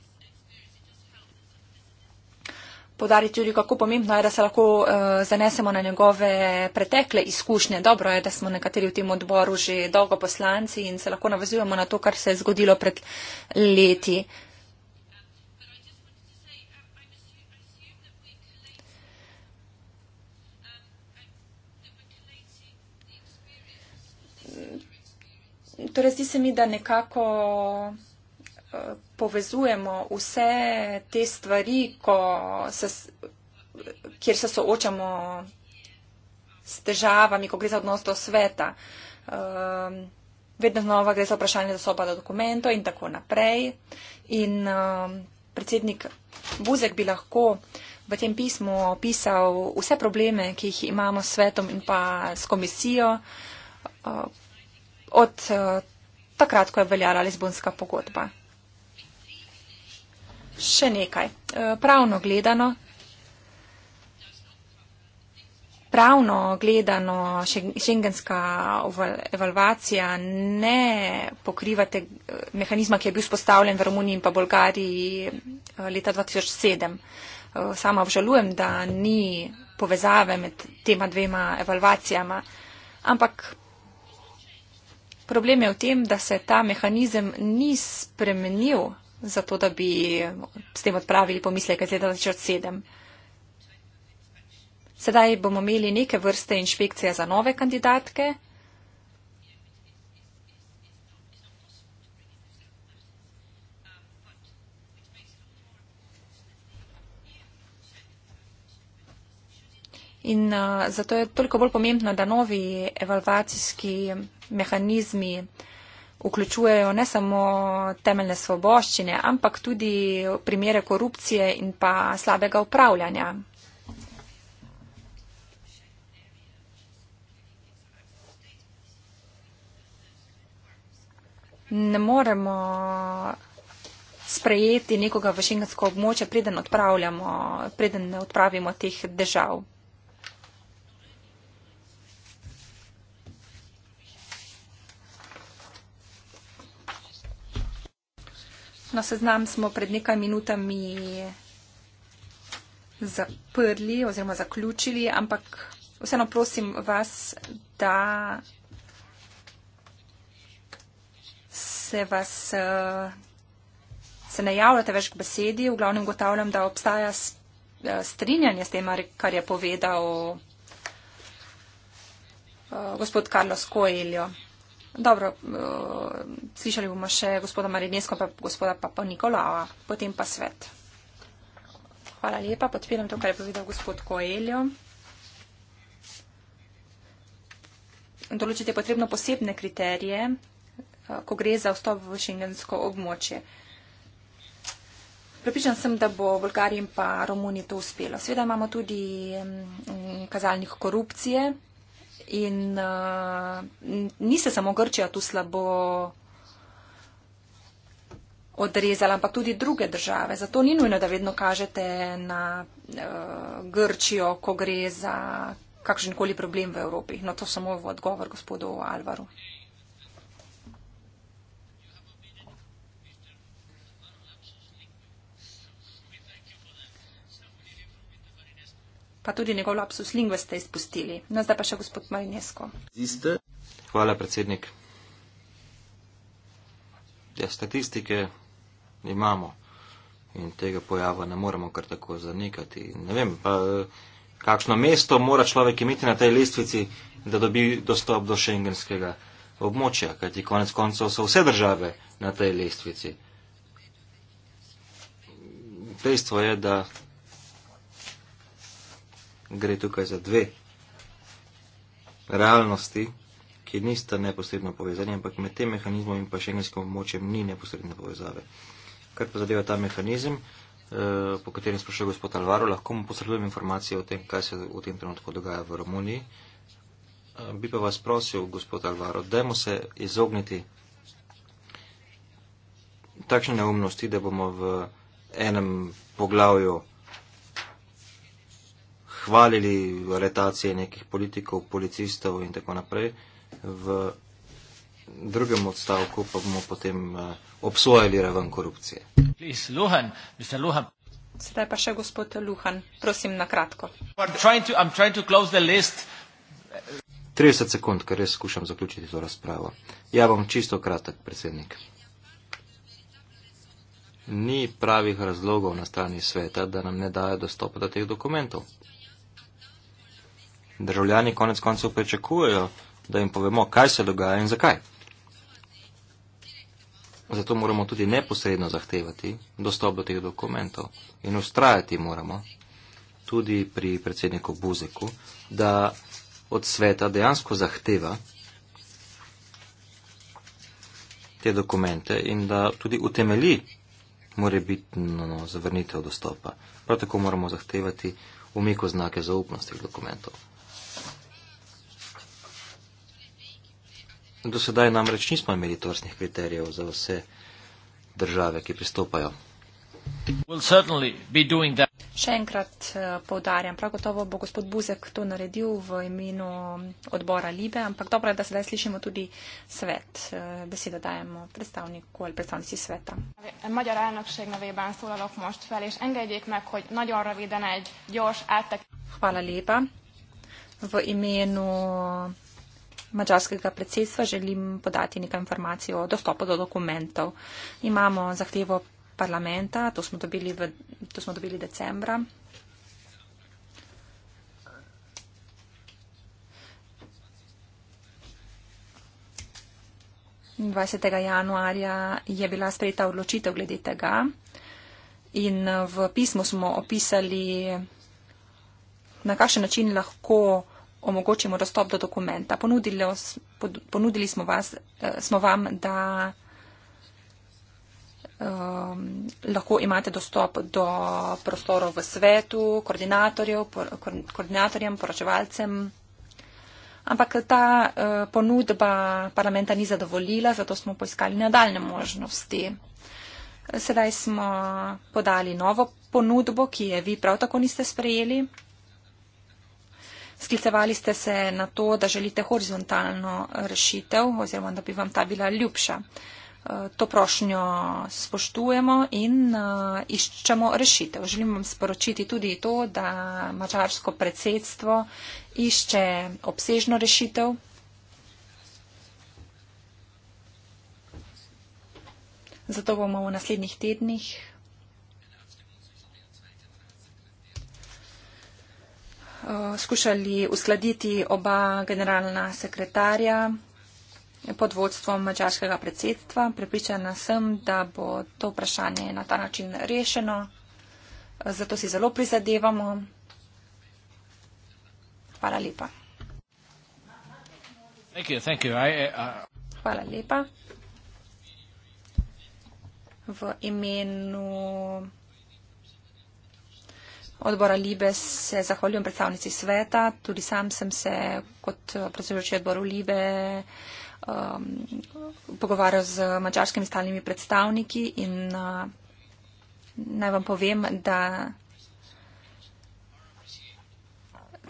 podariti tudi, kako pomembno je, da se lahko uh, zanesemo na njegove pretekle izkušnje. Dobro je, da smo nekateri v tem odboru že dolgo poslanci in se lahko navazujemo na to, kar se je zgodilo pred leti. Torej, zdi se mi, da nekako. Uh, povezujemo vse te stvari, se, kjer se soočamo s težavami, ko gre za odnos do sveta. Um, vedno znova gre za vprašanje dostopa do dokumentov in tako naprej. In um, predsednik Buzek bi lahko v tem pismu opisal vse probleme, ki jih imamo s svetom in pa s komisijo uh, od uh, takrat, ko je veljala Lizbonska pogodba še nekaj. E, pravno gledano, pravno gledano šengenska evalvacija ne pokrivate e, mehanizma, ki je bil spostavljen v Romuniji in pa Bolgariji e, leta 2007. Sama obžalujem, da ni povezave med tema dvema evalvacijama, ampak problem je v tem, da se ta mehanizem ni spremenil zato da bi s tem odpravili pomisleke z leta 2007. Sedaj bomo imeli neke vrste inšpekcije za nove kandidatke. In uh, zato je toliko bolj pomembno, da novi evalvacijski mehanizmi uh, vključujejo ne samo temeljne svoboščine, ampak tudi primere korupcije in pa slabega upravljanja. Ne moremo sprejeti nekoga v šengensko območje, preden, preden odpravimo teh držav. Na seznam smo pred nekaj minutami zaprli oziroma zaključili, ampak vseeno prosim vas, da se vas se ne javljate več k besedi. V glavnem gotavljam, da obstaja strinjanje s tem, kar je povedal gospod Carlos Coelho. Dobro, uh, slišali bomo še gospoda Marinesko, pa gospoda Papa Nikolava, potem pa svet. Hvala lepa, podpiram to, kar je povedal gospod Koeljo. Določite potrebno posebne kriterije, eh, ko gre za vstop v šengensko območje. Pripričan sem, da bo Bolgarijem pa Romuniji to uspelo. Sveda imamo tudi mm, kazalnik korupcije. In uh, ni se samo Grčija tu slabo odrezala, ampak tudi druge države. Zato ni nujno, da vedno kažete na uh, Grčijo, ko gre za kakšen koli problem v Evropi. No, to samo v odgovor gospodu Alvaru. Uh, pa tudi njegov lapsus lingve ste izpustili. No, zdaj pa še gospod Marinesko. Ziste. Hvala, predsednik. Ja, statistike imamo in tega pojava ne moremo kar tako zanikati. Ne vem, pa eh, kakšno mesto mora človek imeti na tej listvici, da dobi dostop do šengenskega območja, kajti konec koncev so vse države na tej listvici. Dejstvo je, da gre tukaj za dve realnosti, ki nista neposredno povezani, ampak med tem mehanizmom in pa šengenskim območjem ni neposredne povezave. Kar pa zadeva ta mehanizem, eh, po katerem sprašuje gospod Alvaro, lahko mu posredujem informacije o tem, kaj se v tem trenutku dogaja v Romuniji. Eh, bi pa vas prosil, gospod Alvaro, dajmo se izogniti takšne neumnosti, da bomo v enem poglavju hvalili aretacije nekih politikov, policistov in tako naprej. V drugem odstavku pa bomo potem eh, obsojali raven korupcije. Please, Luhan, Mr. Luhan. Sedaj pa še gospod Luhan, prosim na kratko. 30 sekund, ker res skušam zaključiti to razpravo. Ja bom čisto kratek, predsednik. Ni pravih razlogov na strani sveta, da nam ne dajo dostopa do teh dokumentov državljani konec koncev pričakujejo, da jim povemo, kaj se dogaja in zakaj. Zato moramo tudi neposredno zahtevati dostop do teh dokumentov in ustrajati moramo tudi pri predsedniku Buzeku, da od sveta dejansko zahteva te dokumente in da tudi utemeli more biti no, zavrnitev dostopa. Prav tako moramo zahtevati umiko znake zaupnosti dokumentov. Do sedaj namreč nismo imeli tvrstnih kriterijev za vse države, ki pristopajo. Še enkrat eh, povdarjam, prav gotovo bo gospod Buzek to naredil v imenu odbora Libe, ampak dobro je, da sedaj slišimo tudi svet, eh, beseda dajemo predstavniku ali predstavnici sveta. Magyar elnökség nevében szólalok most fel, és engedjék meg, hogy nagyon röviden egy gyors áttek. Hvala lepa. V imenu mačarskega predsedstva želim podati nekaj informacij o dostopu do dokumentov. Imamo zahtevo parlamenta, to smo dobili, v, to smo dobili decembra. januarja je bila sprejeta odločitev glede tega in eh, v pismu smo opisali, na kakšen način lahko omogočimo dostop do dokumenta. Ponudili, ponudili smo, vas, eh, smo vam, da um, lahko imate dostop do prostorov v svetu, koordinatorjev, por, koordinatorjem, poročevalcem. Ampak ta uh, ponudba parlamenta ni zadovoljila, zato smo poiskali nadaljne možnosti. Sedaj smo podali novo ponudbo, ki je vi prav tako niste sprejeli sklicevali ste se na to, da želite horizontalno rešitev oziroma da bi vam ta bila ljubša. E, to prošnjo spoštujemo in e, iščemo rešitev. Želim vam sporočiti tudi to, da mačarsko predsedstvo išče obsežno rešitev. Zato bomo v naslednjih tednih Eh, skušali uskladiti oba generalna sekretarja pod vodstvom mačarskega predsedstva. Pripričana sem, da bo to vprašanje na ta način rešeno. Eh, zato si zelo prizadevamo. Hvala lepa. Thank you, thank you. I, uh... Hvala lepa. V imenu odbora Libe se zahvaljujem predstavnici sveta. Tudi sam sem se kot eh, predsedujoči odboru Libe um, pogovarjal z mačarskimi stalnimi predstavniki in uh, naj vam povem, da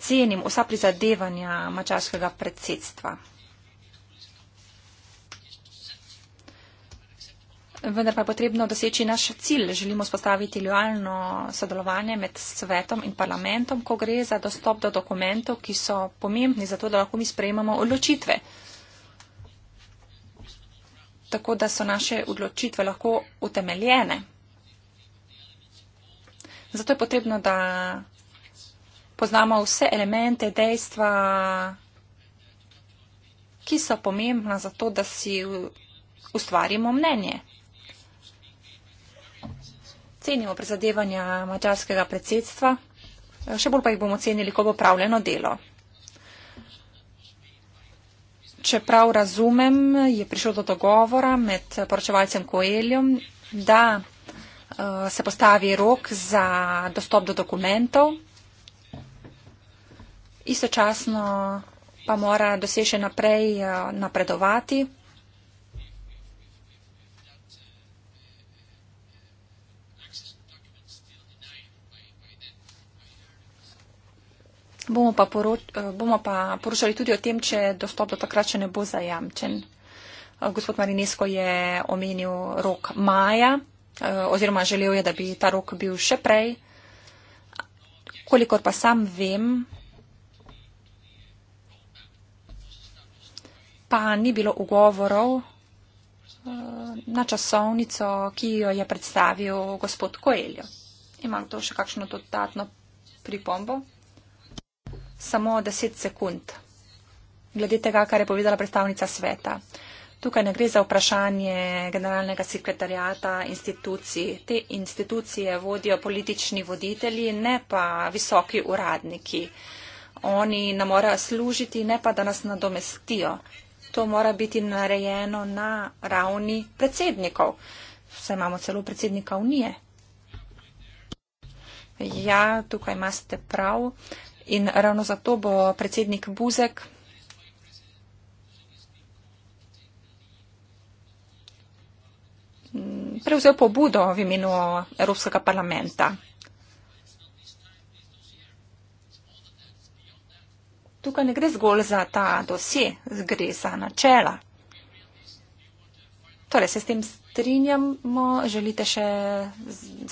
cenim vsa prizadevanja mačarskega predsedstva. vendar pa je potrebno doseči naš cilj. Želimo spostaviti lojalno sodelovanje med svetom in parlamentom, ko gre za dostop do dokumentov, ki so pomembni za to, da lahko mi sprejemamo odločitve. Tako da so naše odločitve lahko utemeljene. Zato je potrebno, da poznamo vse elemente, dejstva, ki so pomembna za to, da si ustvarimo mnenje. Cenimo prizadevanja mačarskega predsedstva, eh, še bolj pa jih bomo cenili, ko bo pravljeno delo. Če prav razumem, je prišlo do dogovora med poročevalcem Koeljom, da eh, se postavi rok za dostop do dokumentov. Istočasno pa mora dosež še naprej eh, napredovati. bomo pa, poroč, eh, bomo pa poročali tudi o tem, če dostop do takrat še ne bo zajamčen. Eh, gospod Marinesko je omenil rok maja eh, oziroma želel je, da bi ta rok bil še prej. Kolikor pa sam vem, pa ni bilo ugovorov na časovnico, ki jo je predstavil gospod Koeljo. Imam to še kakšno dodatno pripombo? samo 10 sekund, glede tega, kar je povedala predstavnica sveta. Tukaj ne gre za vprašanje generalnega sekretarjata institucij. Te institucije vodijo politični voditelji, ne pa visoki uradniki. Oni nam morajo služiti, ne pa da nas nadomestijo. To mora biti narejeno na ravni predsednikov. Vse imamo celo predsednika Unije. Ja, tukaj imate prav. In ravno zato bo predsednik Buzek prevzel pobudo v imenu Evropskega parlamenta. Tukaj ne gre zgolj za ta dosje, gre za načela. Torej, se s tem strinjamo, želite še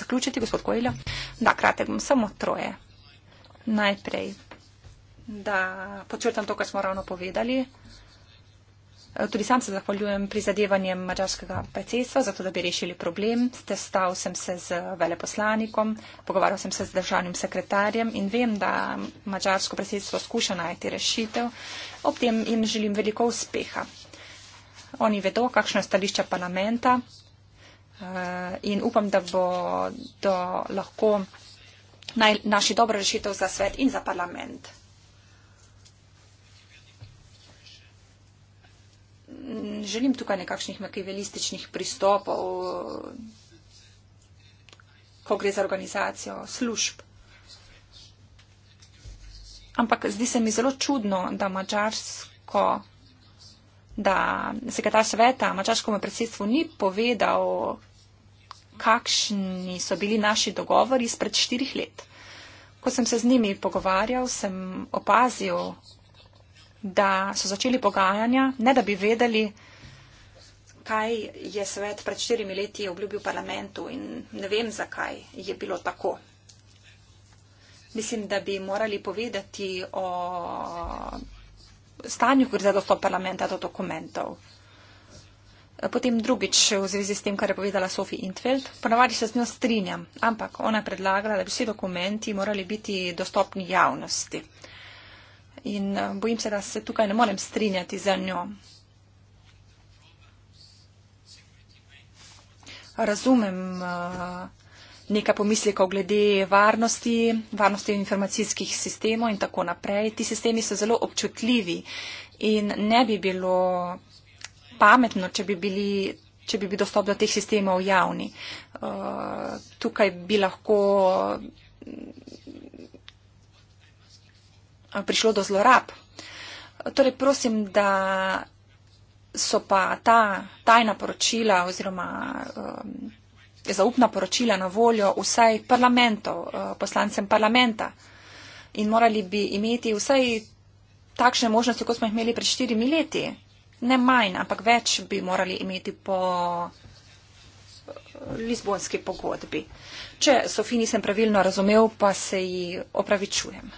zaključiti, gospod Kojlja? Da, kratek bom samo troje najprej, da počrtam to, kar smo ravno povedali. Tudi sam se zahvaljujem prizadevanjem mađarskega predsedstva, zato da bi rešili problem. Testal sem se z veleposlanikom, pogovarjal sem se z državnim sekretarjem in vem, da mađarsko predsedstvo skuša najti rešitev. Ob tem jim želim veliko uspeha. Oni vedo, kakšno je stališče parlamenta eh, in upam, da bo lahko naj, naši dobro rešitev za svet in za parlament. Mm, želim tukaj nekakšnih makivelističnih pristopov, ko gre za organizacijo služb. Ampak zdi se mi zelo čudno, da mačarsko, da sekretar sveta mačarskomu predsedstvu ni povedal, kakšni so bili naši dogovori spred štirih let. Ko sem se z njimi pogovarjal, sem opazil, da so začeli pogajanja, ne da bi vedeli, kaj je svet pred štirimi leti obljubil parlamentu in ne vem, zakaj je bilo tako. Mislim, da bi morali povedati o stanju, kjer je dostop parlamenta do dokumentov potem drugič v zvezi s tem, kar je povedala Sofi Intfeld. Ponavadi se z njo strinjam, ampak ona je predlagala, da bi vsi dokumenti morali biti dostopni javnosti. In eh, bojim se, da se tukaj ne morem strinjati za njo. Razumem eh, nekaj pomislekov glede varnosti, varnosti informacijskih sistemov in tako naprej. Ti sistemi so zelo občutljivi in ne bi bilo pametno, če bi bili če bi bil dostop do teh sistemov javni. Uh, tukaj bi lahko uh, prišlo do zlorab. Torej, prosim, da so pa ta tajna poročila oziroma um, zaupna poročila na voljo vsaj parlamentov, uh, poslancem parlamenta. In morali bi imeti vsaj takšne možnosti, kot smo jih imeli pred štirimi leti ne manj, ampak več bi morali imeti po eh, Lizbonski pogodbi. Če Sofi nisem pravilno razumel, pa se ji opravičujem.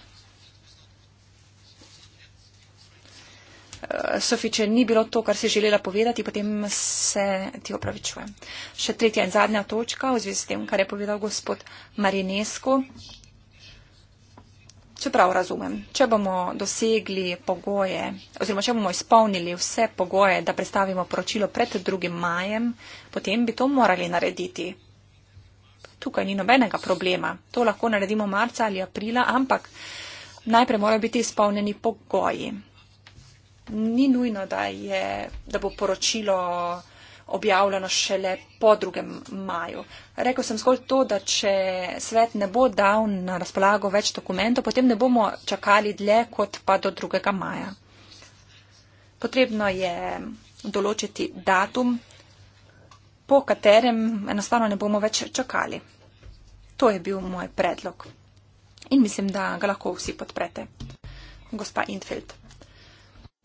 Eh, Sofi, če ni bilo to, kar si želela povedati, potem se ti opravičujem. Še tretja in zadnja točka v zvezi s tem, kar je povedal gospod Marinesko čeprav razumem, če bomo dosegli pogoje oziroma če bomo izpolnili vse pogoje, da predstavimo poročilo pred 2. majem, potem bi to morali narediti. Tukaj ni nobenega problema. To lahko naredimo marca ali aprila, ampak najprej morajo biti izpolnjeni pogoji. Ni nujno, da, je, da bo poročilo objavljeno šele po 2. maju. Rekl sem zgolj to, da če svet ne bo dal na razpolago več dokumentov, potem ne bomo čakali dlje kot pa do 2. maja. Potrebno je določiti datum, po katerem enostavno ne bomo več čakali. To je bil moj predlog in mislim, da ga lahko vsi podprete. Gospa Infeld.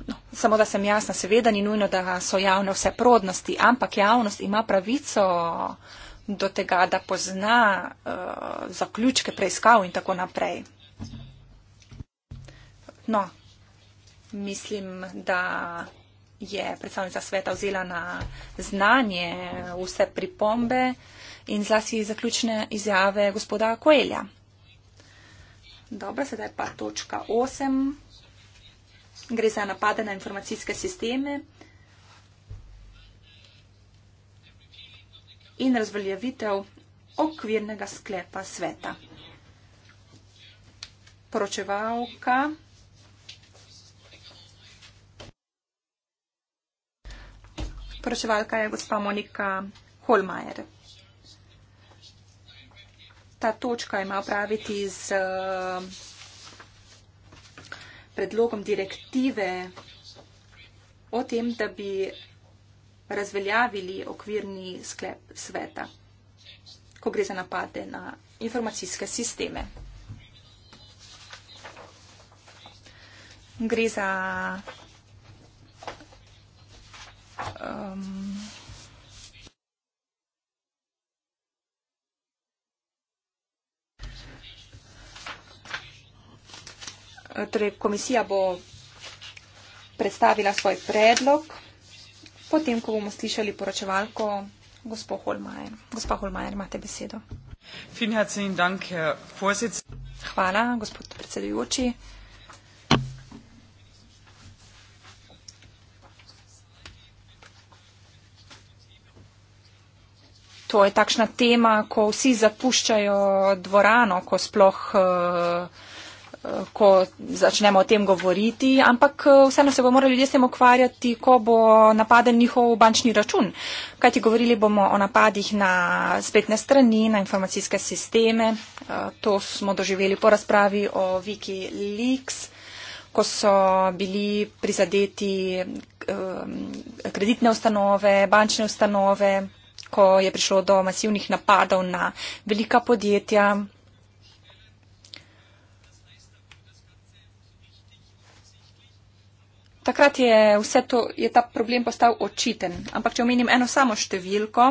No, samo da sem jasna, seveda ni nujno, da so javne vse prodnosti, ampak javnost ima pravico do tega, da pozna uh, zaključke preiskav in tako naprej. No, mislim, da je predstavnica sveta vzela na znanje vse pripombe in zlasti zaključne izjave gospoda Koelja. Dobro, sedaj pa točka 8. Gre za napade na informacijske sisteme in razveljavitev okvirnega sklepa sveta. Poročevalka. Poročevalka je gospa Monika Holmajer. Ta točka ima praviti z uh, predlogom direktive o tem, da bi razveljavili okvirni sklep sveta, ko gre za napade na informacijske sisteme. Gre za um, torej komisija bo predstavila svoj predlog, potem, ko bomo slišali poročevalko gospo Holmajer. Gospa Holmajer, imate besedo. Hvala, gospod predsedujoči. To je takšna tema, ko vsi zapuščajo dvorano, ko sploh uh, ko začnemo o tem govoriti, ampak eh, vseeno se bo morali ljudje s tem ukvarjati, ko bo napaden njihov bančni račun. Kaj ti govorili bomo o napadih na spletne strani, na informacijske sisteme. Eh, to smo doživeli po razpravi o Wikileaks, ko so bili prizadeti ehm, kreditne ustanove, bančne ustanove, ko je prišlo do masivnih napadov na velika podjetja, takrat je vse to, je ta problem postal očiten. Ampak če omenim eno samo številko,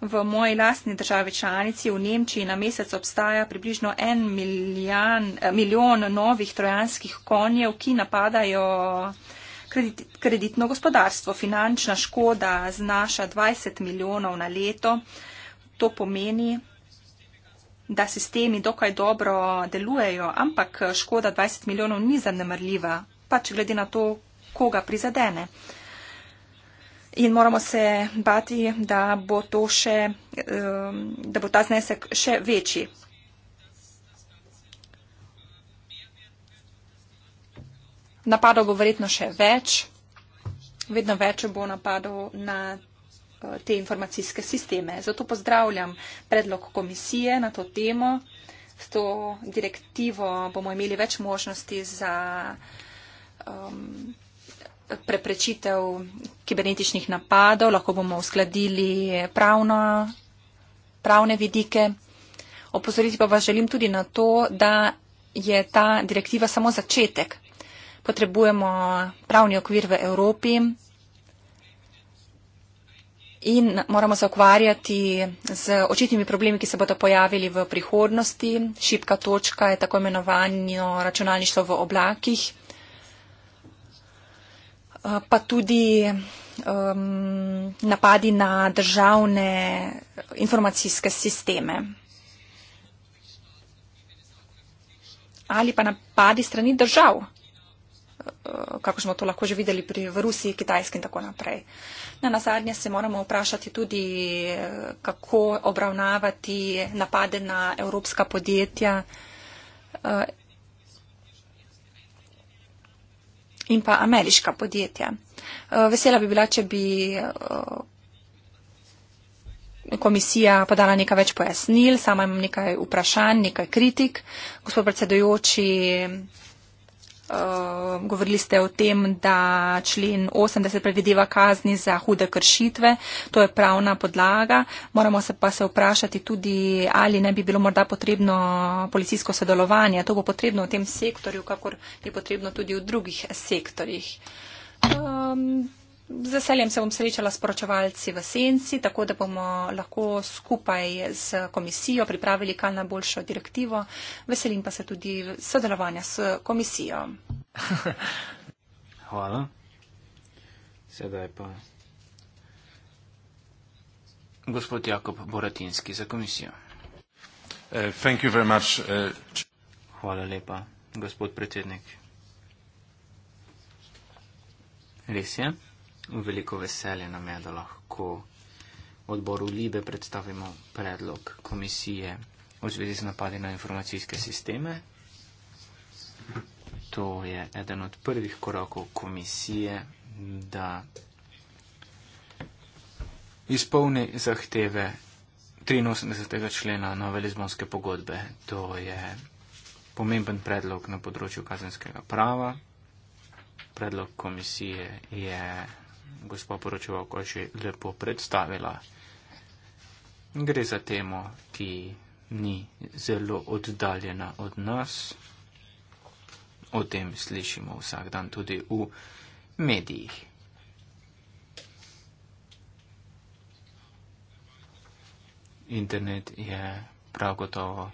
v moji lastni državi članici, v Nemčiji na mesec obstaja približno en milijan, eh, milijon novih trojanskih konjev, ki napadajo kredit, kreditno gospodarstvo. Finančna škoda znaša 20 milijonov na leto. To pomeni, da sistemi dokaj dobro delujejo, ampak škoda 20 milijonov ni zanemrljiva pač glede na to, koga prizadene. In moramo se bati, da bo, to še, ehm, da bo ta znesek še večji. Napadov bo verjetno še več, vedno več bo napadov na eh, te informacijske sisteme. Zato pozdravljam predlog komisije na to temo. S to direktivo bomo imeli več možnosti za um, preprečitev kibernetičnih napadov, lahko bomo uskladili pravno, pravne vidike. Opozoriti pa vas želim tudi na to, da je ta direktiva samo začetek. Potrebujemo pravni okvir v Evropi in moramo se okvarjati z očitnimi problemi, ki se bodo pojavili v prihodnosti. Šipka točka je tako imenovanje računalništvo v oblakih. Eh, pa tudi um, napadi na državne informacijske sisteme. Ali pa napadi strani držav, eh, kako smo to lahko že videli pri Rusiji, Kitajski in tako naprej. Na nazadnje se moramo vprašati tudi, eh, kako obravnavati napade na evropska podjetja in pa ameriška podjetja. Eh, vesela bi bila, če bi eh, komisija podala nekaj več pojasnil, sama imam nekaj vprašanj, nekaj kritik. Gospod predsedujoči, Eh, govorili ste o tem, da člen 80 predvideva kazni za hude kršitve, to je pravna podlaga. Moramo se pa se vprašati tudi, ali ne bi bilo morda potrebno policijsko sodelovanje. To bo potrebno v tem sektorju, kakor je potrebno tudi v drugih sektorjih. Um, z veseljem se bom srečala s poročevalci v senci, tako da bomo lahko skupaj z komisijo pripravili kar najboljšo direktivo. Veselim pa se tudi sodelovanja s komisijo. [LAUGHS] Hvala. Sedaj pa. Gospod Jakob Boratinski za komisijo. Uh, uh, Hvala lepa, gospod predsednik. Res je veliko veselje nam je, da lahko odboru Libe predstavimo predlog komisije v zvezi z napadi na informacijske sisteme. To je eden od prvih korakov komisije, da izpolni zahteve 83. člena nove Lizbonske pogodbe. To je pomemben predlog na področju kazenskega prava. Predlog komisije je gospod poročevalko že lepo predstavila. Gre za temo, ki ni zelo oddaljena od nas. O tem slišimo vsak dan tudi v medijih. Internet je prav gotovo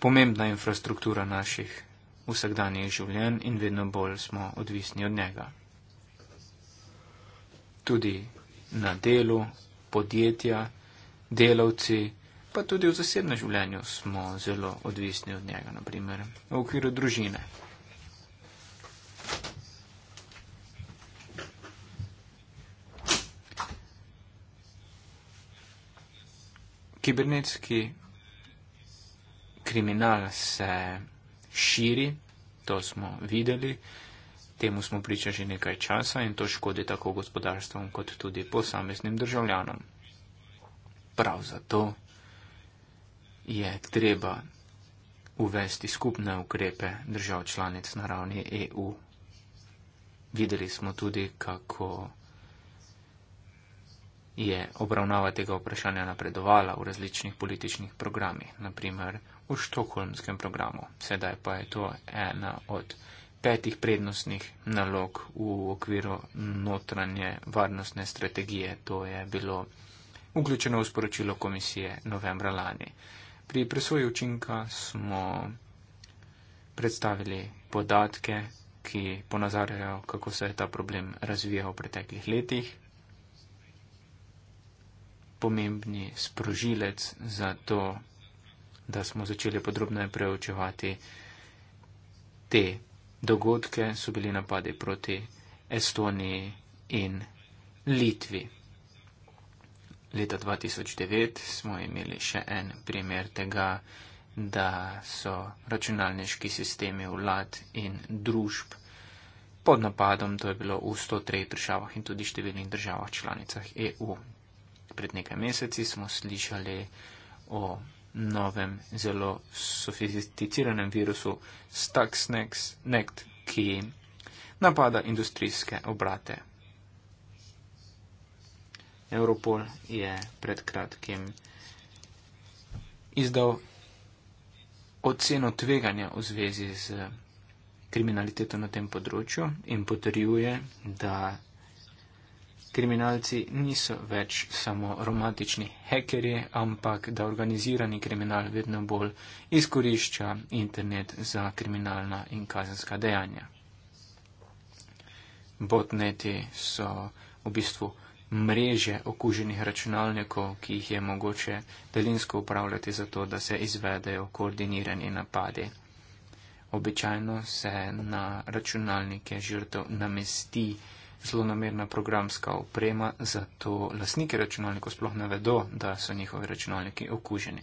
pomembna infrastruktura naših vsakdanjih življenj in vedno bolj smo odvisni od njega tudi na delu, podjetja, delavci, pa tudi v zasebnem življenju smo zelo odvisni od njega, naprimer v okviru družine. Kibernetski kriminal se širi, to smo videli. Temu smo priča že nekaj časa in to škodi tako gospodarstvom kot tudi posameznim državljanom. Prav zato je treba uvesti skupne ukrepe držav članic na ravni EU. Videli smo tudi, kako je obravnava tega vprašanja napredovala v različnih političnih programih, naprimer v štokholmskem programu. Sedaj pa je to ena od petih prednostnih nalog v okviru notranje varnostne strategije. To je bilo vključeno v sporočilo komisije novembra lani. Pri presoji učinka smo predstavili podatke, ki ponazarjajo, kako se je ta problem razvijal v preteklih letih. Pomembni sprožilec za to, da smo začeli podrobno preučevati te dogodke so bili napadi proti Estoniji in Litvi. Leta 2009 smo imeli še en primer tega, da so računalniški sistemi vlad in družb pod napadom, to je bilo v 103 državah in tudi številnih državah članicah EU. Pred nekaj meseci smo slišali o novem, zelo sofisticiranem virusu Stuxnet, ki napada industrijske obrate. Europol je pred kratkim izdal oceno tveganja v zvezi z kriminaliteto na tem področju in potrjuje, da kriminalci niso več samo romantični hekerji, ampak da organizirani kriminal vedno bolj izkorišča internet za kriminalna in kazenska dejanja. Botneti so v bistvu mreže okuženih računalnikov, ki jih je mogoče delinsko upravljati zato, da se izvedejo koordinirani napadi. Običajno se na računalnike žrtev namesti zelo namerna programska oprema, zato lasniki računalnikov sploh ne vedo, da so njihovi računalniki okuženi.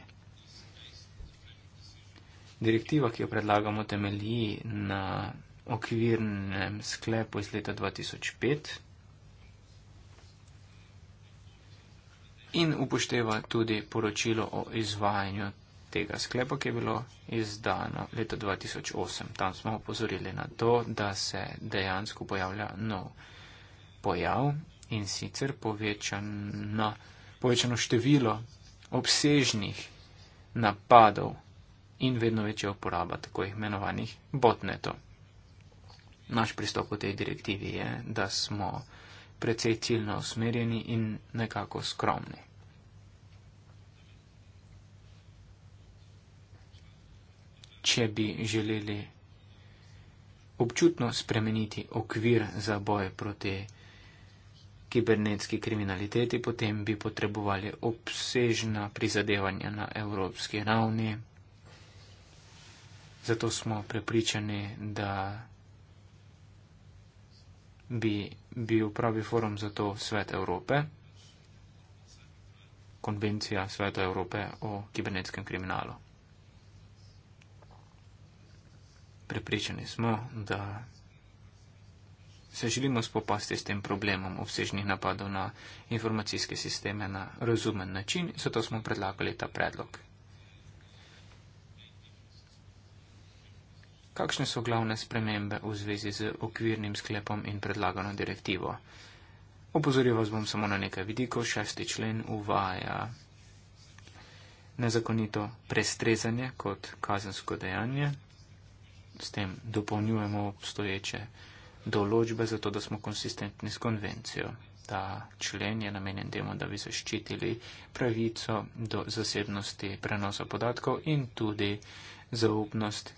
Direktiva, ki jo predlagamo, temelji na okvirnem sklepu iz leta 2005. In upošteva tudi poročilo o izvajanju tega sklepa, ki je bilo izdano leta 2008. Tam smo opozorili na to, da se dejansko pojavlja nov pojav in sicer povečano, povečano število obsežnih napadov in vedno večja uporaba tako imenovanih botnetov. Naš pristop v tej direktivi je, da smo precej ciljno usmerjeni in nekako skromni. Če bi želeli občutno spremeniti okvir za boj proti kibernetski kriminaliteti, potem bi potrebovali obsežna prizadevanja na evropski ravni. Zato smo prepričani, da bi bil pravi forum za to Svet Evrope, konvencija Sveta Evrope o kibernetskem kriminalu. Prepričani smo, da se želimo spopasti s tem problemom obsežnih napadov na informacijske sisteme na razumen način, zato smo predlagali ta predlog. Kakšne so glavne spremembe v zvezi z okvirnim sklepom in predlagano direktivo? Opozoril vas bom samo na nekaj vidikov. Šesti člen uvaja nezakonito prestrezanje kot kazensko dejanje. S tem dopolnjujemo obstoječe določbe, zato da smo konsistentni s konvencijo. Ta člen je namenjen temu, da bi zaščitili pravico do zasebnosti prenosa podatkov in tudi zaupnost,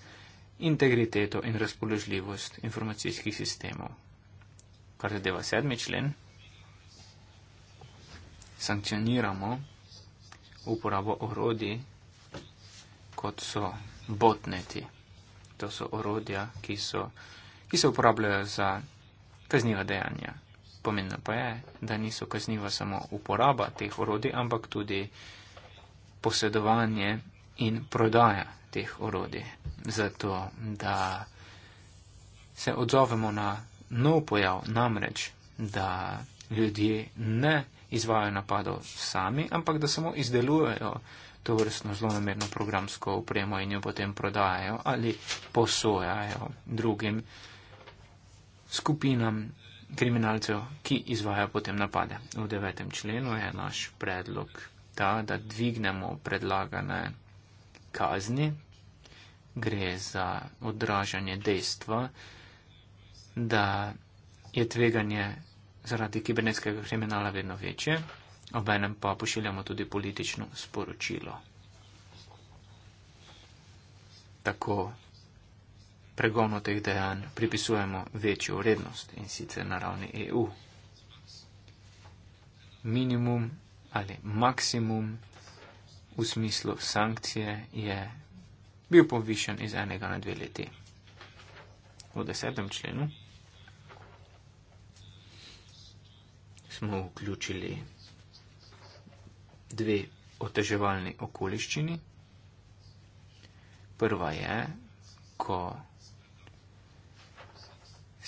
integriteto in razpoložljivost informacijskih sistemov. Kar zadeva sedmi člen, sankcioniramo uporabo orodij, kot so botneti. To so orodja, ki so ki se uporabljajo za kazniva dejanja. Pomembno pa je, da niso kazniva samo uporaba teh orodij, ampak tudi posedovanje in prodaja teh orodij. Zato, da se odzovemo na nov pojav, namreč, da ljudje ne izvajo napadov sami, ampak da samo izdelujejo to vrstno zlonamerno programsko upremo in jo potem prodajajo ali posojajo drugim skupinam kriminalcev, ki izvajo potem napade. V devetem členu je naš predlog ta, da dvignemo predlagane kazni. Gre za odražanje dejstva, da je tveganje zaradi kibernetskega kriminala vedno večje, obenem pa pošiljamo tudi politično sporočilo. Tako pregonu teh dejanj pripisujemo večjo vrednost in sicer na ravni EU. Minimum ali maksimum v smislu sankcije je bil povišen iz enega na dve leti. V desetem členu smo vključili dve oteževalni okoliščini. Prva je, ko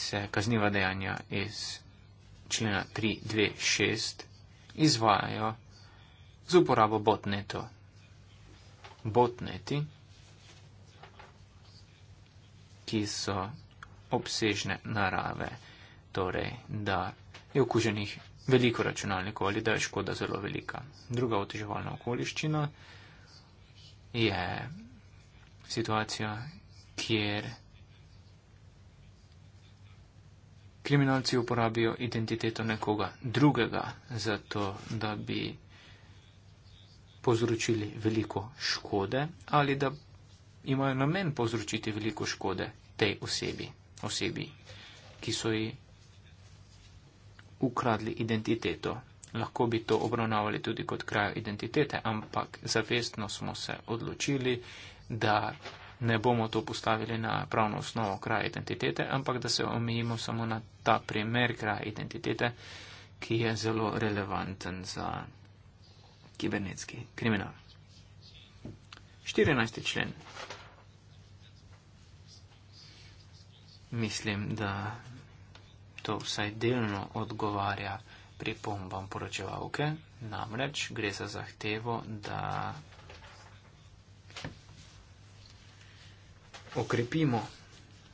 se kazniva dejanja iz člena 326 izvajajo z uporabo botneto. Botneti, ki so obsežne narave, torej da je okuženih veliko računalnikov ali da je škoda zelo velika. Druga oteževalna okoliščina je situacija, kjer kriminalci uporabijo identiteto nekoga drugega, zato da bi povzročili veliko škode ali da imajo namen povzročiti veliko škode tej osebi, osebi, ki so ji ukradli identiteto. Lahko bi to obravnavali tudi kot krajo identitete, ampak zavestno smo se odločili, da ne bomo to postavili na pravno osnovo kraja identitete, ampak da se omejimo samo na ta primer kraja identitete, ki je zelo relevanten za kibernetski kriminal. 14. člen. Mislim, da to vsaj delno odgovarja pripombam poročevalke, namreč gre za zahtevo, da okrepimo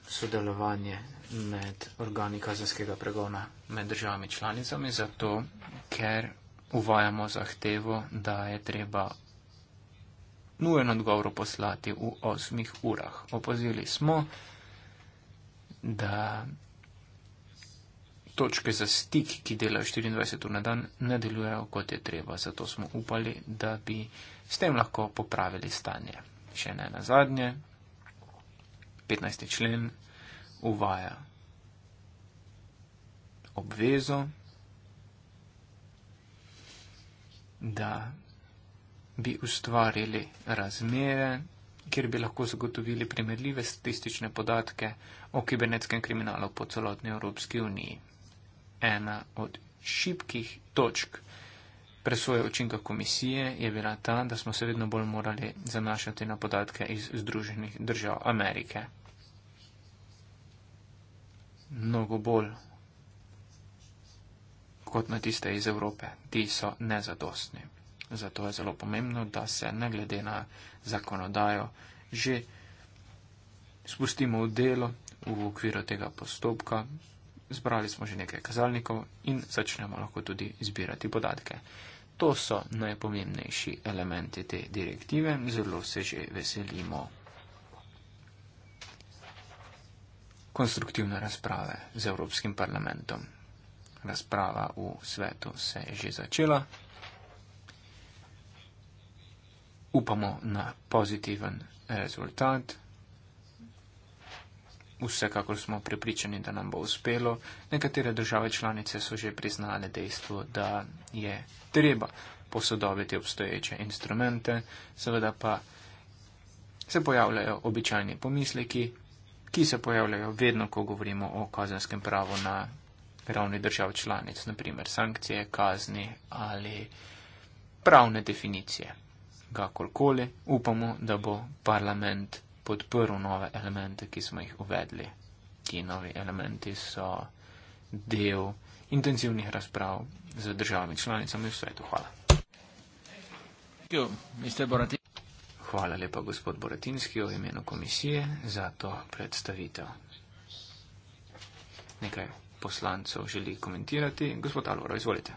sodelovanje med organi kazenskega pregona med državami članicami, zato ker uvajamo zahtevo, da je treba nujen odgovor poslati v osmih urah. Opozili smo, da točke za stik, ki delajo 24 ur na dan, ne delujejo kot je treba, zato smo upali, da bi s tem lahko popravili stanje. Še ne na zadnje, 15. člen uvaja obvezo, da bi ustvarili razmere, kjer bi lahko zagotovili primerljive statistične podatke o kibernetskem kriminalu po celotni Evropski uniji. Ena od šibkih točk presoje učinka komisije je bila ta, da smo se vedno bolj morali zanašati na podatke iz Združenih držav Amerike mnogo bolj kot na tiste iz Evrope. Ti so nezadostni. Zato je zelo pomembno, da se ne glede na zakonodajo že spustimo v delo v okviru tega postopka. Zbrali smo že nekaj kazalnikov in začnemo lahko tudi zbirati podatke. To so najpomembnejši elementi te direktive. Zelo se že veselimo konstruktivne razprave z Evropskim parlamentom. Razprava v svetu se je že začela. Upamo na pozitiven rezultat. Vsekakor smo pripričani, da nam bo uspelo. Nekatere države članice so že priznale dejstvo, da je treba posodobiti obstoječe instrumente, seveda pa se pojavljajo običajni pomisleki, ki se pojavljajo vedno, ko govorimo o kazenskem pravu na ravni držav članic, naprimer sankcije, kazni ali pravne definicije. Kakorkoli, upamo, da bo parlament podprl nove elemente, ki smo jih uvedli. Ti novi elementi so del intenzivnih razprav z državami članicami v svetu. Hvala. Thank you, Mr. Borati. Hvala lepa, gospod Boratinski, v imenu komisije za to predstavitev. Nekaj poslancev želi komentirati. Gospod Alvaro, izvolite.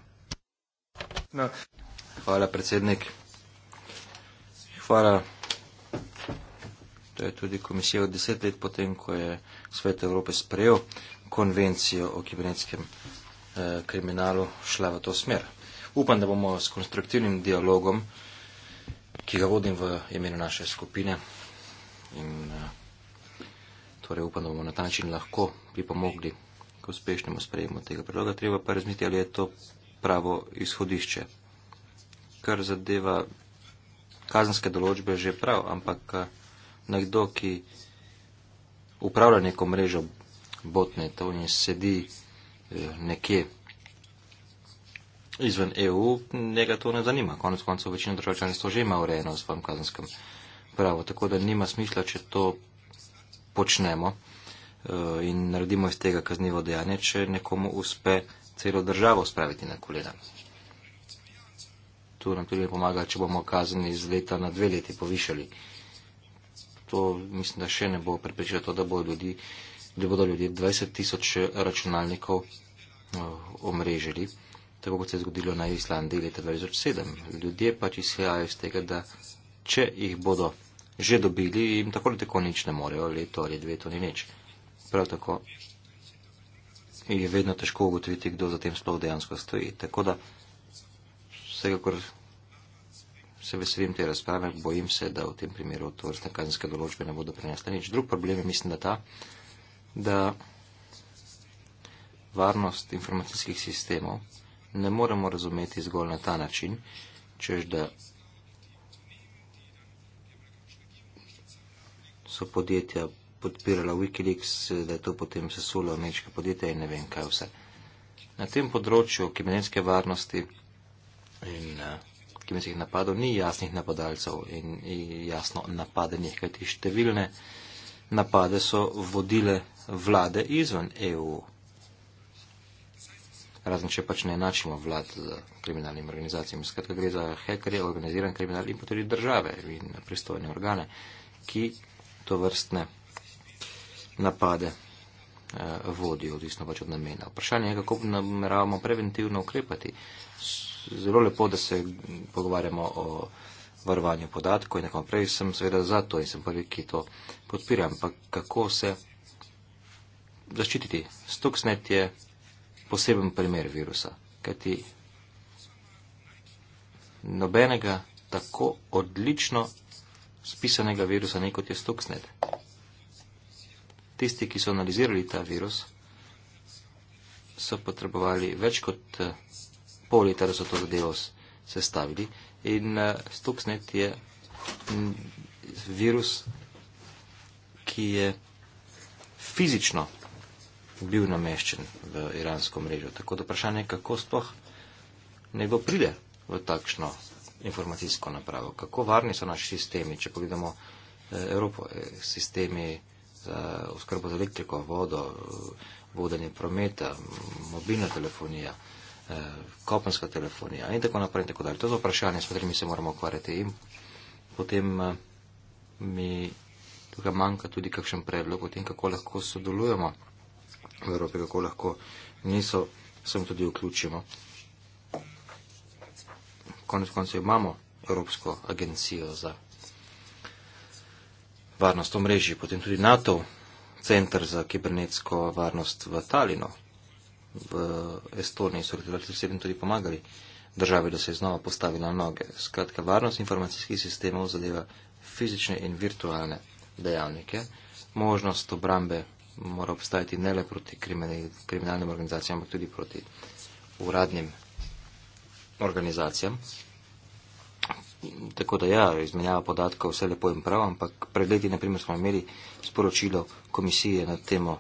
No. Hvala, predsednik. Hvala. To je tudi komisija od deset let potem, ko je Svet Evrope sprejel konvencijo o kibernetskem eh, kriminalu, šla v to smer. Upam, da bomo s konstruktivnim dialogom eh, ki ga vodim v imenu naše skupine. In, eh, torej upam, da bomo na ta način lahko pripomogli k uspešnemu sprejemu tega predloga. Treba pa razmiti, ali je to pravo izhodišče. Kar zadeva kazenske določbe, že prav, ampak eh, nekdo, ki upravlja neko mrežo botnetov in sedi eh, nekje Izven EU njega to ne zanima. Konec koncev večina držav članic to že ima urejeno v svojem kazenskem pravu. Tako da nima smisla, če to počnemo eh, in naredimo iz tega kaznivo dejanje, če nekomu uspe celo državo spraviti na kolena. Tu nam tudi ne pomaga, če bomo kazni iz leta na dve leti povišali. To mislim, da še ne bo pripričalo to, da, bo ljudi, da bodo ljudje 20 tisoč računalnikov eh, omrežili. Uh, tako kot se je zgodilo na Islandiji leta 2007. Ljudje pač izhajajo iz tega, da če jih bodo že dobili, jim tako ali tako nič ne morejo, leto ali dve, to ni nič. Prav tako je vedno težko ugotoviti, kdo za tem sploh dejansko stoji. Tako da vsekakor se veselim te razprave, bojim se, da v tem primeru to vrstne kazenske določbe ne bodo prenesle nič. Drug problem je, mislim, da ta, da varnost informacijskih sistemov ne moremo razumeti zgolj na ta način, čež da so podjetja podpirala Wikileaks, da je to potem sesulo ameriška podjetja in ne vem kaj vse. Na tem področju kibernetske varnosti in uh, kibernetskih napadov ni jasnih napadalcev in jasno napadenih, kajti številne napade so vodile vlade izven EU, razen če pač ne enačimo vlad z kriminalnimi organizacijami. Skratka, gre za hekerje, organiziran kriminal in potem države in pristojne organe, ki to vrstne napade eh, vodijo, odvisno pač od namena. Vprašanje je, kako nameravamo preventivno ukrepati. Zelo lepo, da se pogovarjamo o varovanju podatkov in tako naprej. Sem seveda za to in sem prvi, ki to podpiram. Ampak kako se zaščititi? Stuksnet je poseben primer virusa, kajti nobenega tako odlično spisanega virusa ni kot je stuksned. Tisti, ki so analizirali ta virus, so potrebovali več kot eh, pol leta, da so to zadevo sestavili in eh, stuksned je virus, ki je fizično bil nameščen v iransko mrežo. Tako da vprašanje, kako sploh nego pride v takšno informacijsko napravo. Kako varni so naši sistemi, če pogledamo eh, Evropo, eh, sistemi za oskrbo z elektriko, vodo, eh, vodenje prometa, mobilna telefonija, kopenska telefonija in tako naprej in tako dalje. To so vprašanje, s katerimi se moramo ukvarjati in potem mi tukaj manjka tudi kakšen predlog o tem, kako lahko sodelujemo Evropi, kako lahko niso, sem tudi vključimo. Konec koncev imamo Evropsko agencijo za varnost omrežji, potem tudi NATO, centr za kibernetsko varnost v Talino. V Estoniji so leta 2007 tudi pomagali državi, da se je znova postavila na noge. Skratka, varnost informacijskih sistemov zadeva fizične in virtualne dejavnike, možnost obrambe mora obstajati ne le proti kriminalnim organizacijam, ampak tudi proti uradnim organizacijam. Tako da ja, izmenjava podatkov vse lepo in prav, ampak pred leti, naprimer, smo imeli sporočilo komisije na temo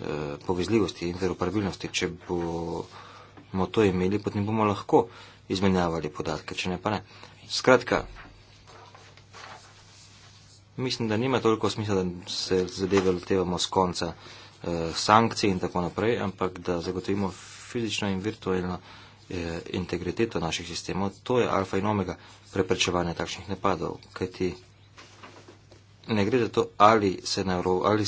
eh, povezljivosti in veropravilnosti. Če bomo to imeli, potem bomo lahko izmenjavali podatke, če ne pa ne. Skratka, Mislim, da nima toliko smisla, da se zadeve lotevamo z konca eh, sankcij in tako naprej, ampak da zagotovimo fizično in virtualno eh, integriteto naših sistemov. To je alfa in omega preprečevanja takšnih napadov, kajti ne gre za to, ali se na Evro, ali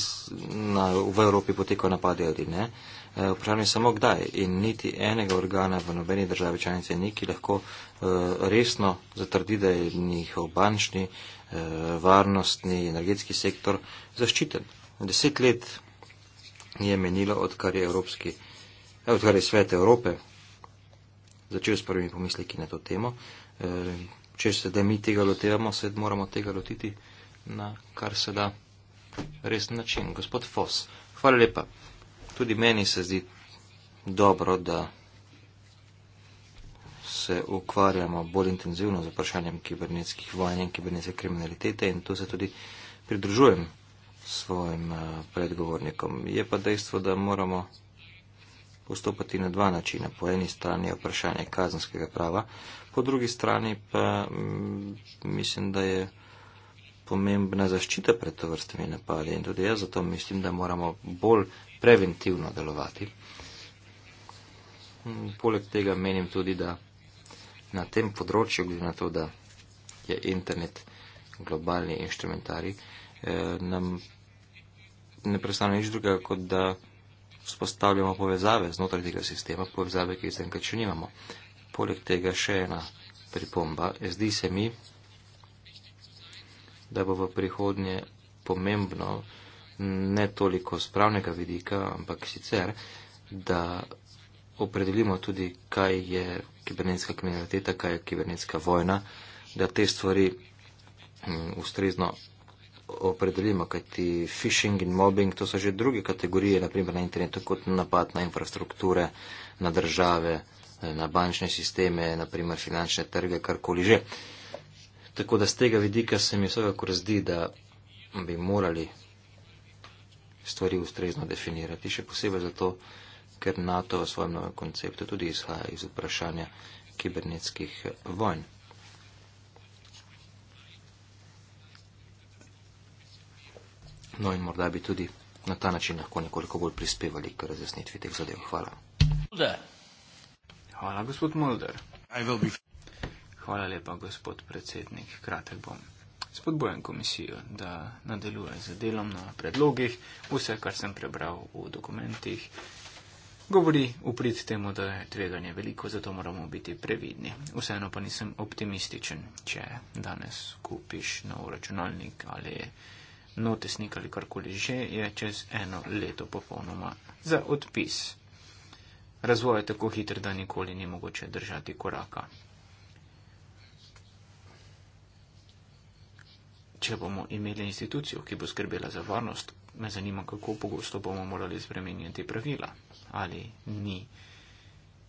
na, v Evropi potekajo napadi ali ne. Eh, vprašanje je samo kdaj in niti enega organa v nobeni državi članice ni, ki lahko eh, resno zatrdi, da je njihov bančni. Eh, Eh, varnostni energetski sektor zaščiten. Deset let je menilo, odkar je, Evropski, eh, odkar je svet Evrope začel s prvimi pomisleki na to temo. Eh, če se da mi tega lotevamo, se moramo tega lotiti na kar se da resen način. Gospod Fos, hvala lepa. Tudi meni se zdi dobro, da se ukvarjamo bolj intenzivno z vprašanjem kibernetskih vojn in kibernetske kriminalitete in tu se tudi pridružujem svojim eh, predgovornikom. Je pa dejstvo, da moramo postopati na dva načina. Po eni strani je vprašanje kazenskega prava, po drugi strani pa mm, mislim, da je pomembna zaščita pred to vrstami napadi in tudi jaz zato mislim, da moramo bolj preventivno delovati. Mm, poleg tega menim tudi, da na tem področju, glede na to, da je internet globalni inštrumentari, eh, nam ne prestane nič drugega, kot da vzpostavljamo povezave znotraj tega sistema, povezave, ki jih zdaj kače nimamo. Poleg tega še ena pripomba. Zdi se mi, da bo v prihodnje pomembno ne toliko z pravnega vidika, ampak sicer, da opredelimo tudi, kaj je kibernetska kriminaliteta, kaj je kibernetska vojna, da te stvari m, mm, ustrezno opredelimo, kaj ti phishing in mobbing, to so že druge kategorije, naprimer na internetu, kot napad na infrastrukture, na države, eh, na bančne sisteme, naprimer finančne trge, karkoli že. Tako da z tega vidika se mi vsekakor zdi, da bi morali stvari ustrezno definirati, še posebej zato, ker NATO v svojem novem konceptu tudi izhaja iz vprašanja kibernetskih vojn. No in morda bi tudi na ta način lahko nekoliko bolj prispevali k razjasnitvi teh zadev. Hvala. Hvala, gospod Mulder. Hvala lepa, gospod predsednik. Kratek bom. Spodbujam komisijo, da nadaljuje z delom na predlogih. Vse, kar sem prebral v dokumentih, govori v prid temu, da je tveganje veliko, zato moramo biti previdni. Vseeno pa nisem optimističen, če danes kupiš nov računalnik ali notesnik ali karkoli že, je čez eno leto popolnoma za odpis. Razvoj je tako hiter, da nikoli ni mogoče držati koraka. Če bomo imeli institucijo, ki bo skrbela za varnost, me zanima, kako pogosto bomo morali spremenjati pravila. Ali ni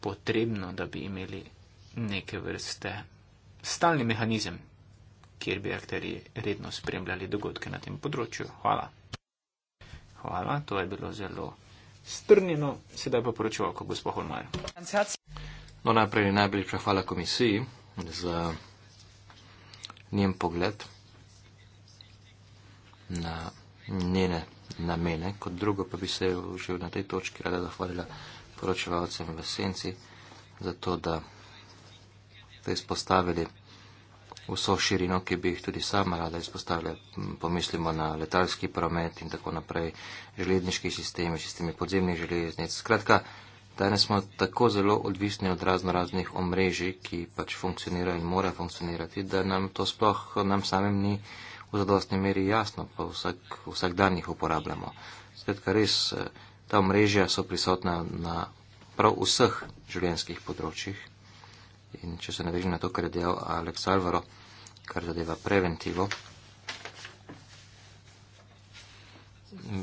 potrebno, da bi imeli neke vrste stalni mehanizem, kjer bi akteri redno spremljali dogodke na tem področju. Hvala. Hvala, to je bilo zelo strnjeno. Sedaj pa poročujem, ko gospod Holmajer. No, najprej najlepša hvala komisiji za njen pogled na njene namene. Kot drugo pa bi se že na tej točki rada zahvalila poročevalcem v Senci za to, da ste izpostavili vso širino, ki bi jih tudi sama rada izpostavila. Pomislimo na letalski promet in tako naprej, železniški sistemi, sistemi podzemnih železnic. Skratka, Danes smo tako zelo odvisni od razno raznih omrežij, ki pač funkcionira in mora funkcionirati, da nam to sploh nam samim ni v zadostni meri jasno, pa vsak, vsak dan jih uporabljamo. Skratka, res eh, ta omrežja so prisotna na prav vseh življenjskih področjih. In če se navežem na to, kar je dejal Aleks Alvaro, kar zadeva preventivo,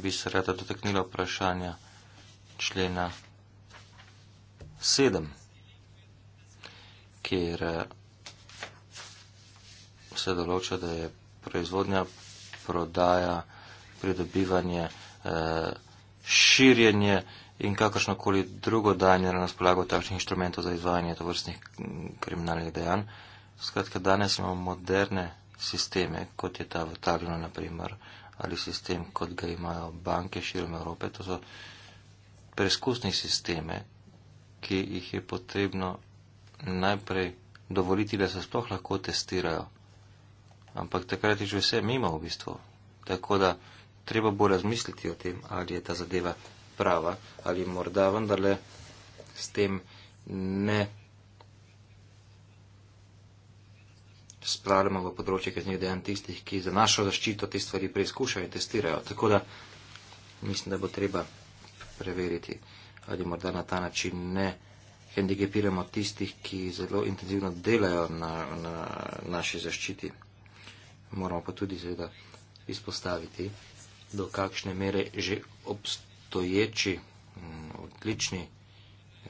bi se rada dotaknila vprašanja člena 7, kjer eh, se določa, da je proizvodnja, prodaja, pridobivanje, eh, širjenje in kakršnokoli drugo danje na razpolago takšnih inštrumentov za izvajanje tovrstnih mm, kriminalnih dejanj. Skratka, danes imamo moderne sisteme, kot je ta v Tagnu, naprimer, ali sistem, kot ga imajo banke širom Evrope. To so preizkusni sisteme, ki jih je potrebno najprej dovoliti, da se sploh lahko testirajo. Ampak takrat je že vse mimo v bistvu. Tako da treba bo razmisliti o tem, ali je ta zadeva prava, ali morda vendarle s tem ne spravljamo v področje kaznjih dejanj tistih, ki za našo zaščito te stvari preizkušajo in testirajo. Tako da mislim, da bo treba preveriti ali morda na ta način ne hendigepiramo tistih, ki zelo intenzivno delajo na, na naši zaščiti. Moramo pa tudi seveda izpostaviti, do kakšne mere že obstoječi, mm, odlični,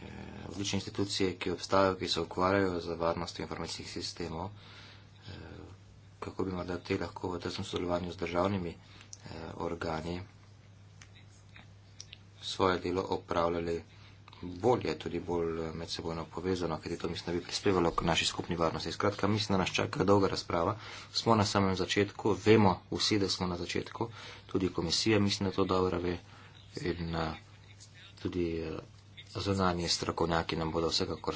eh, odlične institucije, ki obstajajo, ki se ukvarjajo za varnost informacijskih sistemov, eh, kako bi morda te lahko v tesnem sodelovanju z državnimi eh, organi svoje delo opravljali bolje, tudi bolj eh, medsebojno povezano, kajti to mislim, da bi prispevalo k naši skupni varnosti. Skratka, mislim, da nas čaka dolga razprava. Smo na samem začetku, vemo vsi, da smo na začetku, tudi komisija mislim, da to dobro ve in eh, tudi eh, zunanje strokovnjaki nam bodo vsekakor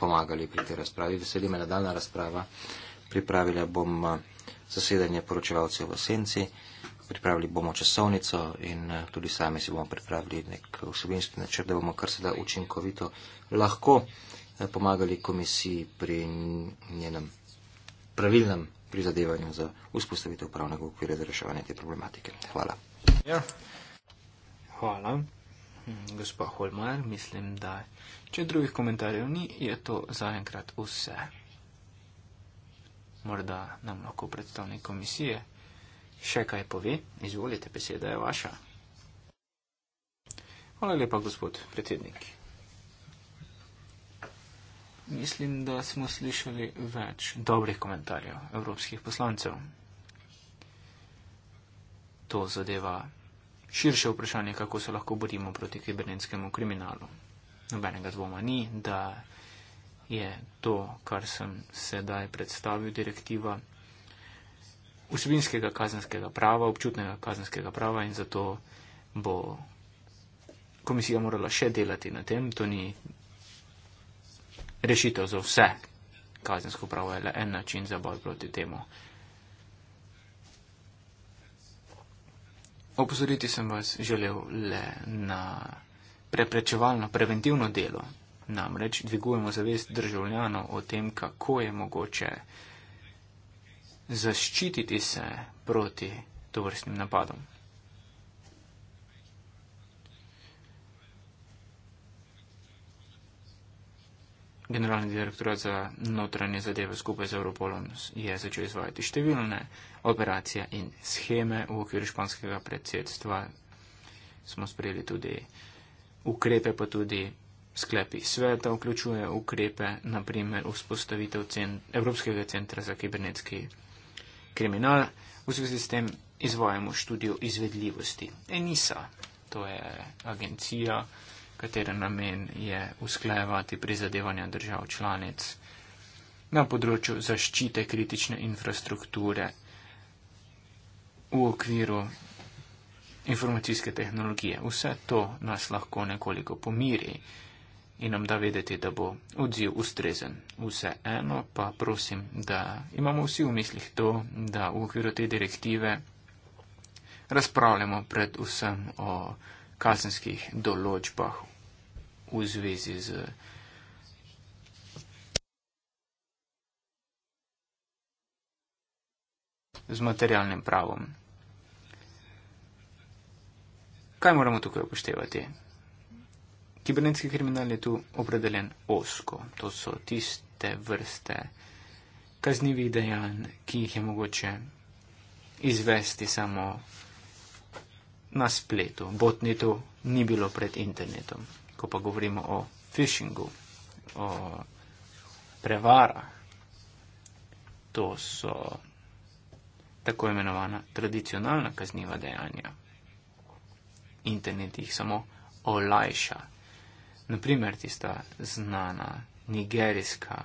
pomagali pri tej razpravi. Veseli me nadaljna razprava. Pripravila bom zasedanje poročevalcev v Senci pripravili bomo časovnico in eh, tudi sami si bomo pripravili nek vsebinski načrt, da bomo kar se da učinkovito lahko eh, pomagali komisiji pri njenem pravilnem prizadevanju za vzpostavitev pravnega okvira za reševanje te problematike. Hvala. Ja. Hvala. Hm, gospa Holmajer, mislim, da če drugih komentarjev ni, je to zaenkrat vse. Morda nam lahko predstavnik komisije še kaj pove? Izvolite, beseda je vaša. Hvala lepa, gospod predsednik. Mislim, da smo slišali več dobrih komentarjev evropskih poslancev. To zadeva širše vprašanje, kako se lahko borimo proti kibernetskemu kriminalu. Nobenega dvoma ni, da je to, kar sem sedaj predstavil, direktiva vsebinskega kazenskega prava, občutnega kazenskega prava in zato bo komisija morala še delati na tem. To ni rešitev za vse kazensko pravo, je le en način za boj proti temu. Opozoriti sem vas želel le na preprečevalno, preventivno delo. Namreč dvigujemo zavest državljanov o tem, kako je mogoče zaščititi se proti tovrstnim napadom. Generalni direktorat za notranje zadeve skupaj z Europolom je začel izvajati številne operacije in scheme v okviru španskega predsedstva. Smo sprejeli tudi ukrepe, pa tudi sklepi sveta, vključuje ukrepe, naprimer vzpostavitev cent Evropskega centra za kibernetski kriminal v zvezi s tem izvajamo študijo izvedljivosti. Enisa, to je agencija, katere namen je usklajevati prizadevanja držav članic na področju zaščite kritične infrastrukture v okviru informacijske tehnologije. Vse to nas lahko nekoliko pomiri in nam da vedeti, da bo odziv ustrezen. Vse eno pa prosim, da imamo vsi v mislih to, da v okviru te direktive razpravljamo predvsem o kazenskih določbah v zvezi z. z materialnim pravom. Kaj moramo tukaj upoštevati? kibernetski kriminal je tu opredeljen osko. To so tiste vrste kaznjivih dejanj, ki jih je mogoče izvesti samo na spletu. Botnetu ni bilo pred internetom. Ko pa govorimo o phishingu, o prevarah, to so tako imenovana tradicionalna kazniva dejanja. Internet jih samo olajša naprimer tista znana nigerijska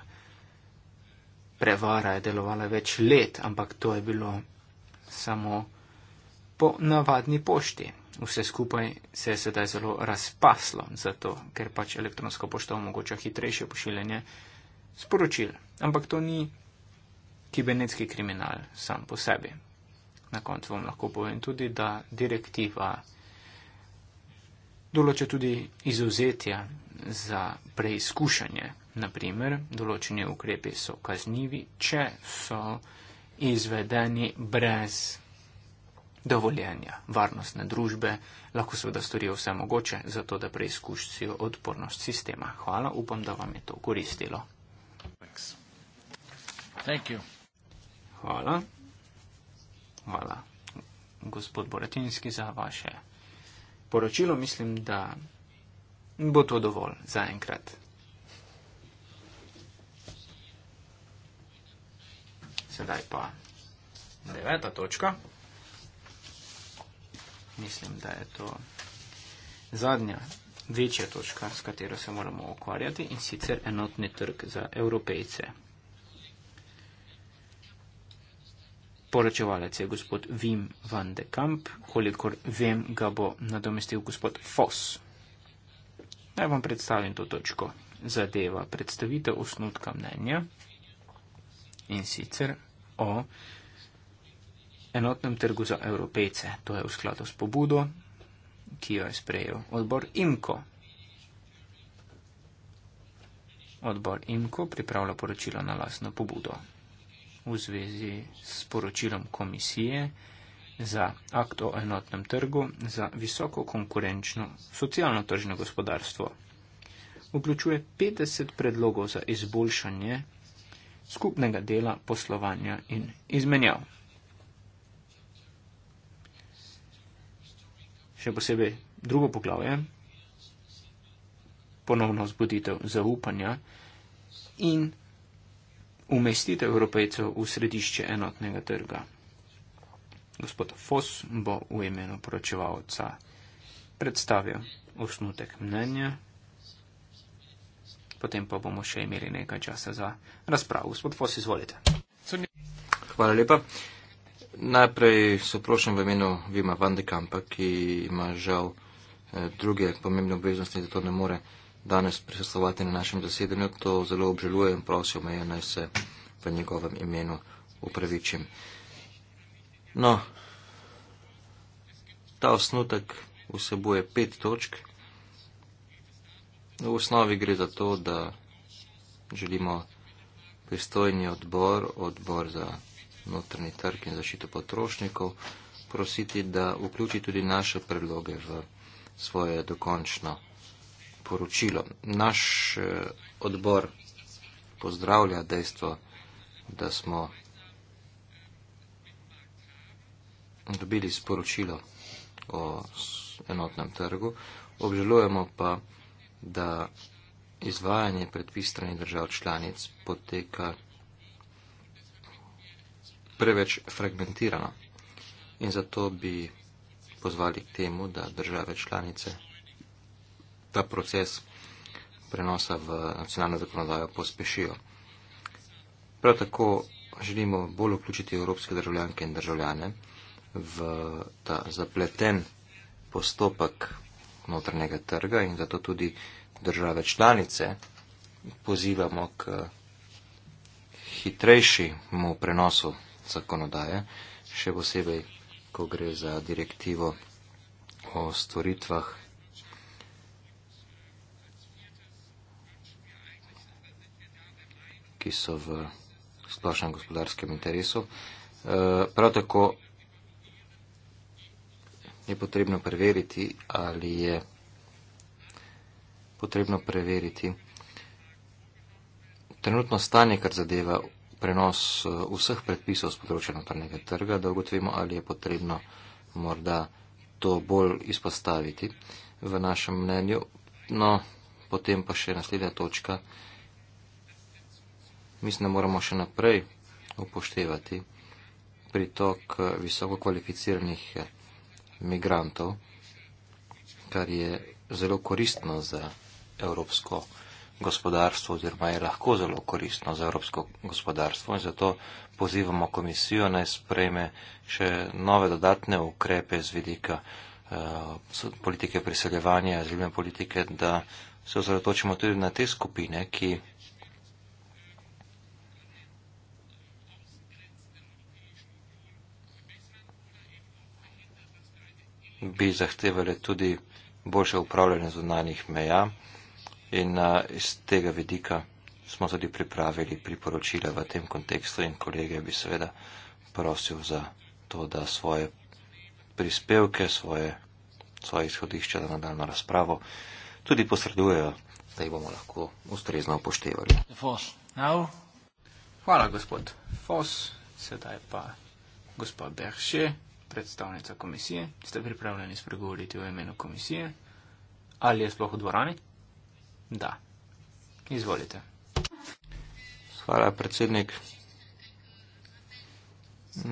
prevara je delovala več let, ampak to je bilo samo po navadni pošti. Vse skupaj se je sedaj zelo razpaslo, zato ker pač elektronska pošta omogoča hitrejše pošiljanje sporočil. Ampak to ni kibernetski kriminal sam po sebi. Na koncu vam lahko povem tudi, da direktiva določa tudi izuzetja za preizkušanje. Naprimer, določeni ukrepi so kaznjivi, če so izvedeni brez dovoljenja varnostne družbe, lahko seveda storijo vse mogoče, zato da preizkušijo odpornost sistema. Hvala, upam, da vam je to koristilo. Hvala. Hvala, gospod Boratinski, za vaše poročilo, mislim, da bo to dovolj za enkrat. Sedaj pa deveta točka. Mislim, da je to zadnja večja točka, s katero se moramo ukvarjati in sicer enotni trg za evropejce. poročevalec je gospod Wim van de Kamp, kolikor vem, ga bo nadomestil gospod Foss. Naj vam predstavim to točko. Zadeva predstavitev osnutka mnenja in sicer o enotnem trgu za evropejce. To je v skladu s pobudo, ki jo je sprejel odbor IMKO. Odbor IMKO pripravlja poročilo na lasno pobudo v zvezi s poročilom komisije za akt o enotnem trgu za visoko konkurenčno socialno tržno gospodarstvo. Vključuje 50 predlogov za izboljšanje skupnega dela poslovanja in izmenjav. Še posebej drugo poglavje, ponovno zbuditev zaupanja in umestiti Evropejcev v središče enotnega trga. Gospod Fos bo v imenu poročevalca predstavil osnutek mnenja, potem pa bomo še imeli nekaj časa za razpravo. Gospod Fos, izvolite. Hvala lepa. Najprej se prošljem v imenu Vima Vandekampa, ki ima žal eh, druge pomembne obveznosti, zato ne more danes prisostovati na našem zasedanju, to zelo obžalujem, prosim me, naj se v njegovem imenu upravičim. No, ta osnutek vsebuje pet točk. V osnovi gre za to, da želimo pristojni odbor, odbor za notrni trg in zašito potrošnikov, prositi, da vključi tudi naše predloge v svoje dokončno poročilo. Naš eh, odbor pozdravlja dejstvo, da smo dobili sporočilo o enotnem trgu. Obžalujemo pa, da izvajanje predpis strani držav članic poteka preveč fragmentirano. In zato bi pozvali k temu, da države članice ta proces prenosa v nacionalno zakonodajo pospešijo. Prav tako želimo bolj vključiti evropske državljanke in državljane v ta zapleten postopek notranjega trga in zato tudi države članice pozivamo k hitrejšemu prenosu zakonodaje, še posebej, ko gre za direktivo o storitvah ki so v splošnem gospodarskem interesu. E, prav tako je potrebno preveriti, ali je potrebno preveriti trenutno stanje, kar zadeva prenos e, vseh predpisov z področja notranjega trga, da ugotovimo, ali je potrebno morda to bolj izpostaviti v našem mnenju. No, potem pa še naslednja točka, mislim, da moramo še naprej upoštevati pritok eh, visoko kvalificiranih eh, migrantov, kar je zelo koristno za evropsko gospodarstvo oziroma je lahko zelo koristno za evropsko gospodarstvo in zato pozivamo komisijo naj sprejme še nove dodatne ukrepe z vidika uh, politike priseljevanja, zelo politike, da se osredotočimo tudi na te skupine, ki bi zahtevali tudi boljše upravljanje zunanjih meja in iz tega vidika smo tudi pripravili priporočila v tem kontekstu in kolege bi seveda prosil za to, da svoje prispevke, svoje, svoje izhodišče za nadaljno razpravo tudi posredujejo, da jih bomo lahko ustrezno upoštevali. Hvala, gospod Fos, sedaj pa gospod Berše predstavnica komisije, ste pripravljeni spregovoriti v imenu komisije? Ali je sploh v dvorani? Da. Izvolite. Hvala, predsednik.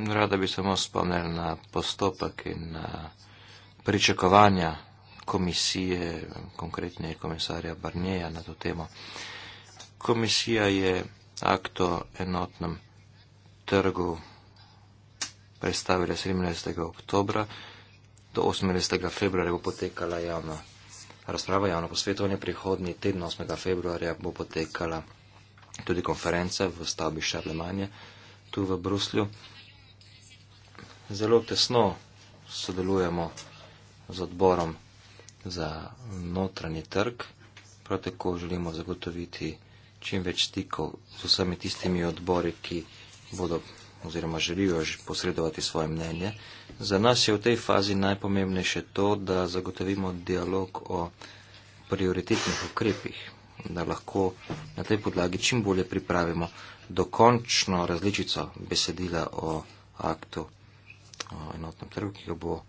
Rada bi samo spomnil na postopek in na eh, pričakovanja komisije, konkretne komisarja Barnjeja na to temo. Komisija je akt o enotnem trgu predstavili 17. oktober, do 18. februarja bo potekala javna razprava, javno posvetovanje. Prihodnji teden, 8. februarja, bo potekala tudi konferenca v stavbi Šarlemanje, tu v Bruslju. Zelo tesno sodelujemo z odborom za notranji trg. Prav tako želimo zagotoviti čim več stikov z vsemi tistimi odbori, ki bodo oziroma želijo posredovati svoje mnenje. Za nas je v tej fazi najpomembnejše to, da zagotovimo dialog o prioritetnih ukrepih, da lahko na tej podlagi čim bolje pripravimo dokončno različico besedila o aktu o enotnem trgu, ki ga bo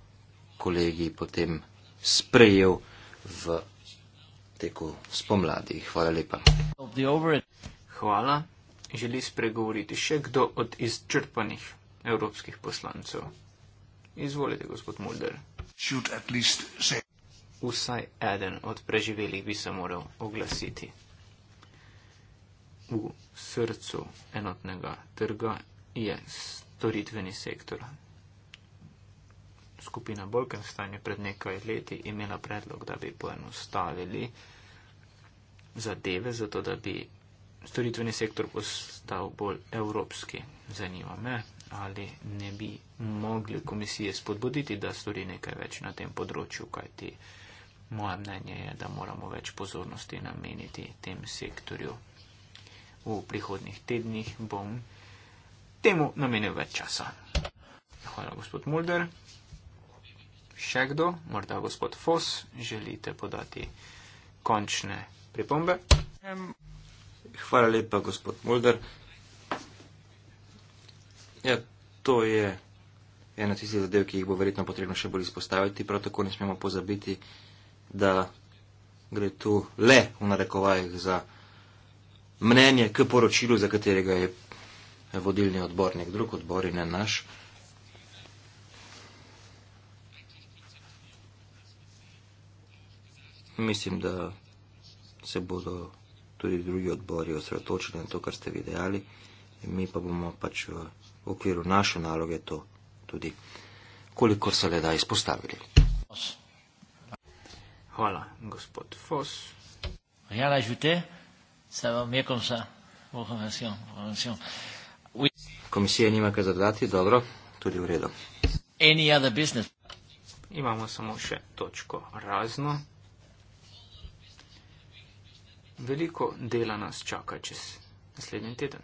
kolegi potem sprejel v teku spomladi. Hvala lepa. Hvala želi spregovoriti še kdo od izčrpanih evropskih poslancev. Izvolite, gospod Mulder. Vsaj eden od preživelih bi se moral oglasiti. V srcu enotnega trga je storitveni sektor. Skupina Bolkenstein je pred nekaj leti imela predlog, da bi poenostavili zadeve, zato da bi storitveni sektor postal bolj evropski. Zanima me, ali ne bi mogli komisije spodbuditi, da stori nekaj več na tem področju, kajti moja mnenje je, da moramo več pozornosti nameniti tem sektorju. V prihodnih tednih bom temu namenil več časa. Hvala, gospod Mulder. Še kdo, morda gospod Fos, želite podati končne pripombe? Um. Hvala lepa, gospod Mulder. Ja, to je ena tistih zadev, ki jih bo verjetno potrebno še bolj izpostaviti. Prav tako ne smemo pozabiti, da gre tu le v narekovajih za mnenje k poročilu, za katerega je vodilni odbor nek drug odbor in ne naš. Mislim, da se bodo tudi drugi odbori osredotočili na to, kar ste vi dejali, in mi pa bomo pač v okviru naše naloge to tudi, kolikor se le da, izpostavili. Hvala, gospod Fos. Hvala, žute. Komisija nima kaj zadati, dobro, tudi v redu. Imamo samo še točko razno. Veliko dela nas čaka čez naslednji teden.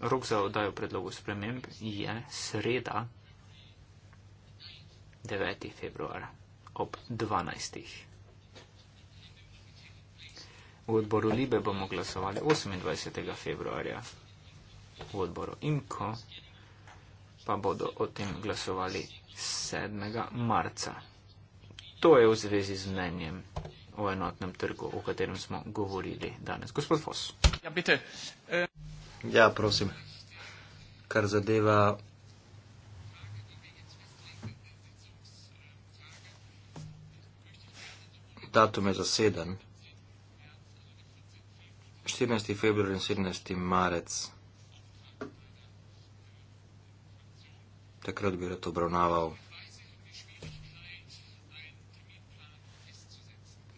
Rok za oddajo predlogov sprememb je sreda 9. februara ob 12. V odboru Libe bomo glasovali 28. februarja. V odboru Imko pa bodo o tem glasovali 7. marca. To je v zvezi z mnenjem o enotnem trgu, o katerem smo govorili danes. Gospod Fos. Ja, bite. Eh. Ja, prosim. Kar zadeva. Datum je zaseden. 14. februar in 17. marec. Takrat bi rad obravnaval.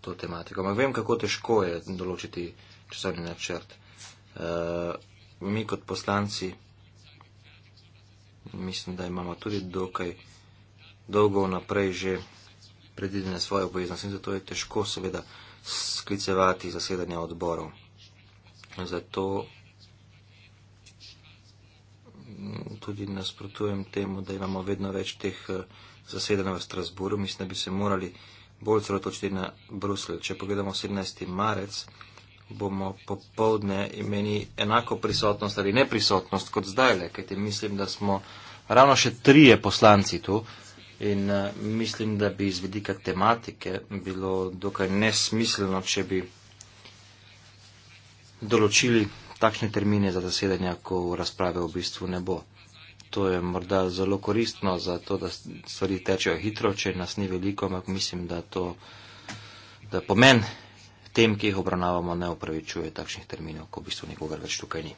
to tematiko. Ampak vem, kako težko je določiti časovni načrt. Uh, mi kot poslanci mislim, da imamo tudi dokaj dolgo naprej že predvidene svoje obveznosti in zato je težko seveda sklicevati zasedanja odborov. Zato tudi nasprotujem temu, da imamo vedno več teh eh, zasedanj v Strasburu. Mislim, da bi se morali uh, bolj sredotočiti na Bruselj. Če pogledamo 17. marec, bomo popovdne imeli enako prisotnost ali neprisotnost kot zdaj, kajte mislim, da smo ravno še trije poslanci tu in eh, mislim, da bi iz vidika tematike bilo dokaj nesmiselno, če bi določili takšne termine za zasedanja, ko razprave v bistvu ne bo to je morda zelo koristno za to, da stvari tečejo hitro, če nas ni veliko, ampak mislim, da, to, da pomen tem, ki jih obravnavamo, ne upravičuje takšnih terminov, ko v bistvu nikogar več tukaj ni.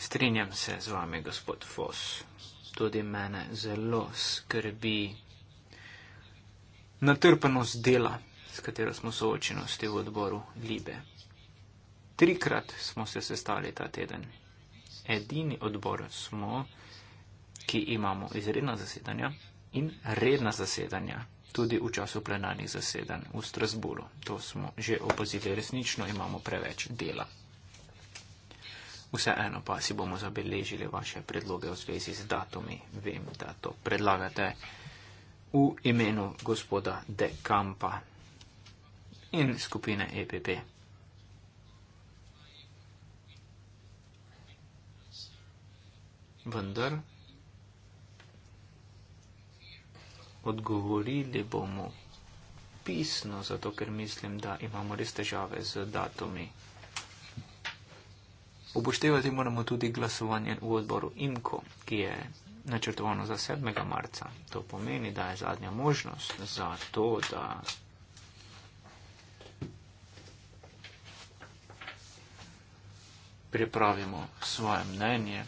Strinjam se z vami, gospod Fos. Tudi mene zelo skrbi natrpanost dela, s katero smo soočeni v odboru Libe. Trikrat smo se sestali ta teden edini odbor smo, ki imamo izredna zasedanja in redna zasedanja tudi v času plenarnih zasedanj v Strasburu. To smo že opazili, resnično imamo preveč dela. Vseeno pa si bomo zabeležili vaše predloge v zvezi z datumi. Vem, da to predlagate v imenu gospoda De Kampa in skupine EPP. vendar odgovorili bomo pisno, zato ker mislim, da imamo res težave z datumi. Obuštevati moramo tudi glasovanje v odboru IMKO, ki je načrtovano za 7. marca. To pomeni, da je zadnja možnost za to, da pripravimo svoje mnenje.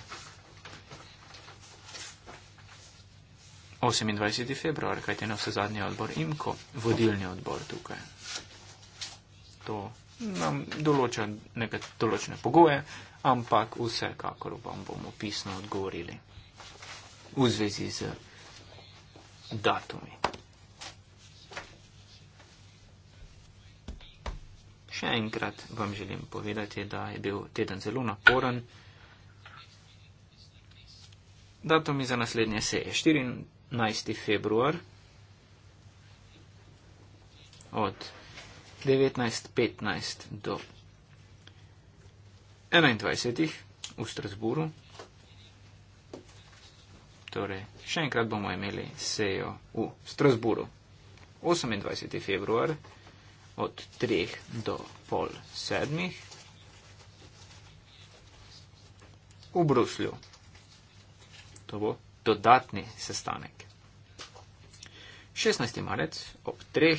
28. februar, kaj te na vse zadnje odbor IMKO, vodilni odbor tukaj. To nam določa nekaj določene pogoje, ampak vsekakor vam bomo pisno odgovorili v zvezi z datumi. Še enkrat vam želim povedati, da je bil teden zelo naporen. Datumi za naslednje seje 24. 15. februar od 19.15 do 21. v Strasburu. Torej, še enkrat bomo imeli sejo v Strasburu. 28. februar od 3 do pol 7. v Bruslju. To bo dodatni sestanek. 16. marec ob 3,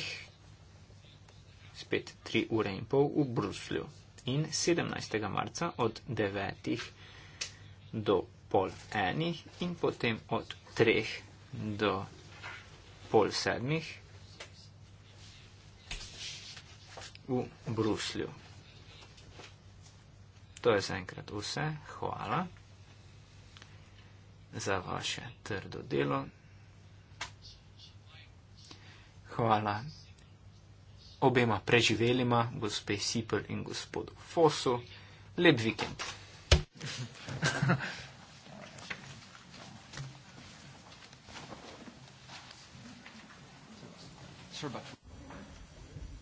spet 3 ure in pol v Bruslju in 17. marca od 9 do pol enih in potem od 3 do pol sedmih v Bruslju. To je zaenkrat vse. Hvala za vaše trdo delo. Hvala obema preživelima, gospe Sipel in gospodu Fosu. Lep vikend. Sure, but...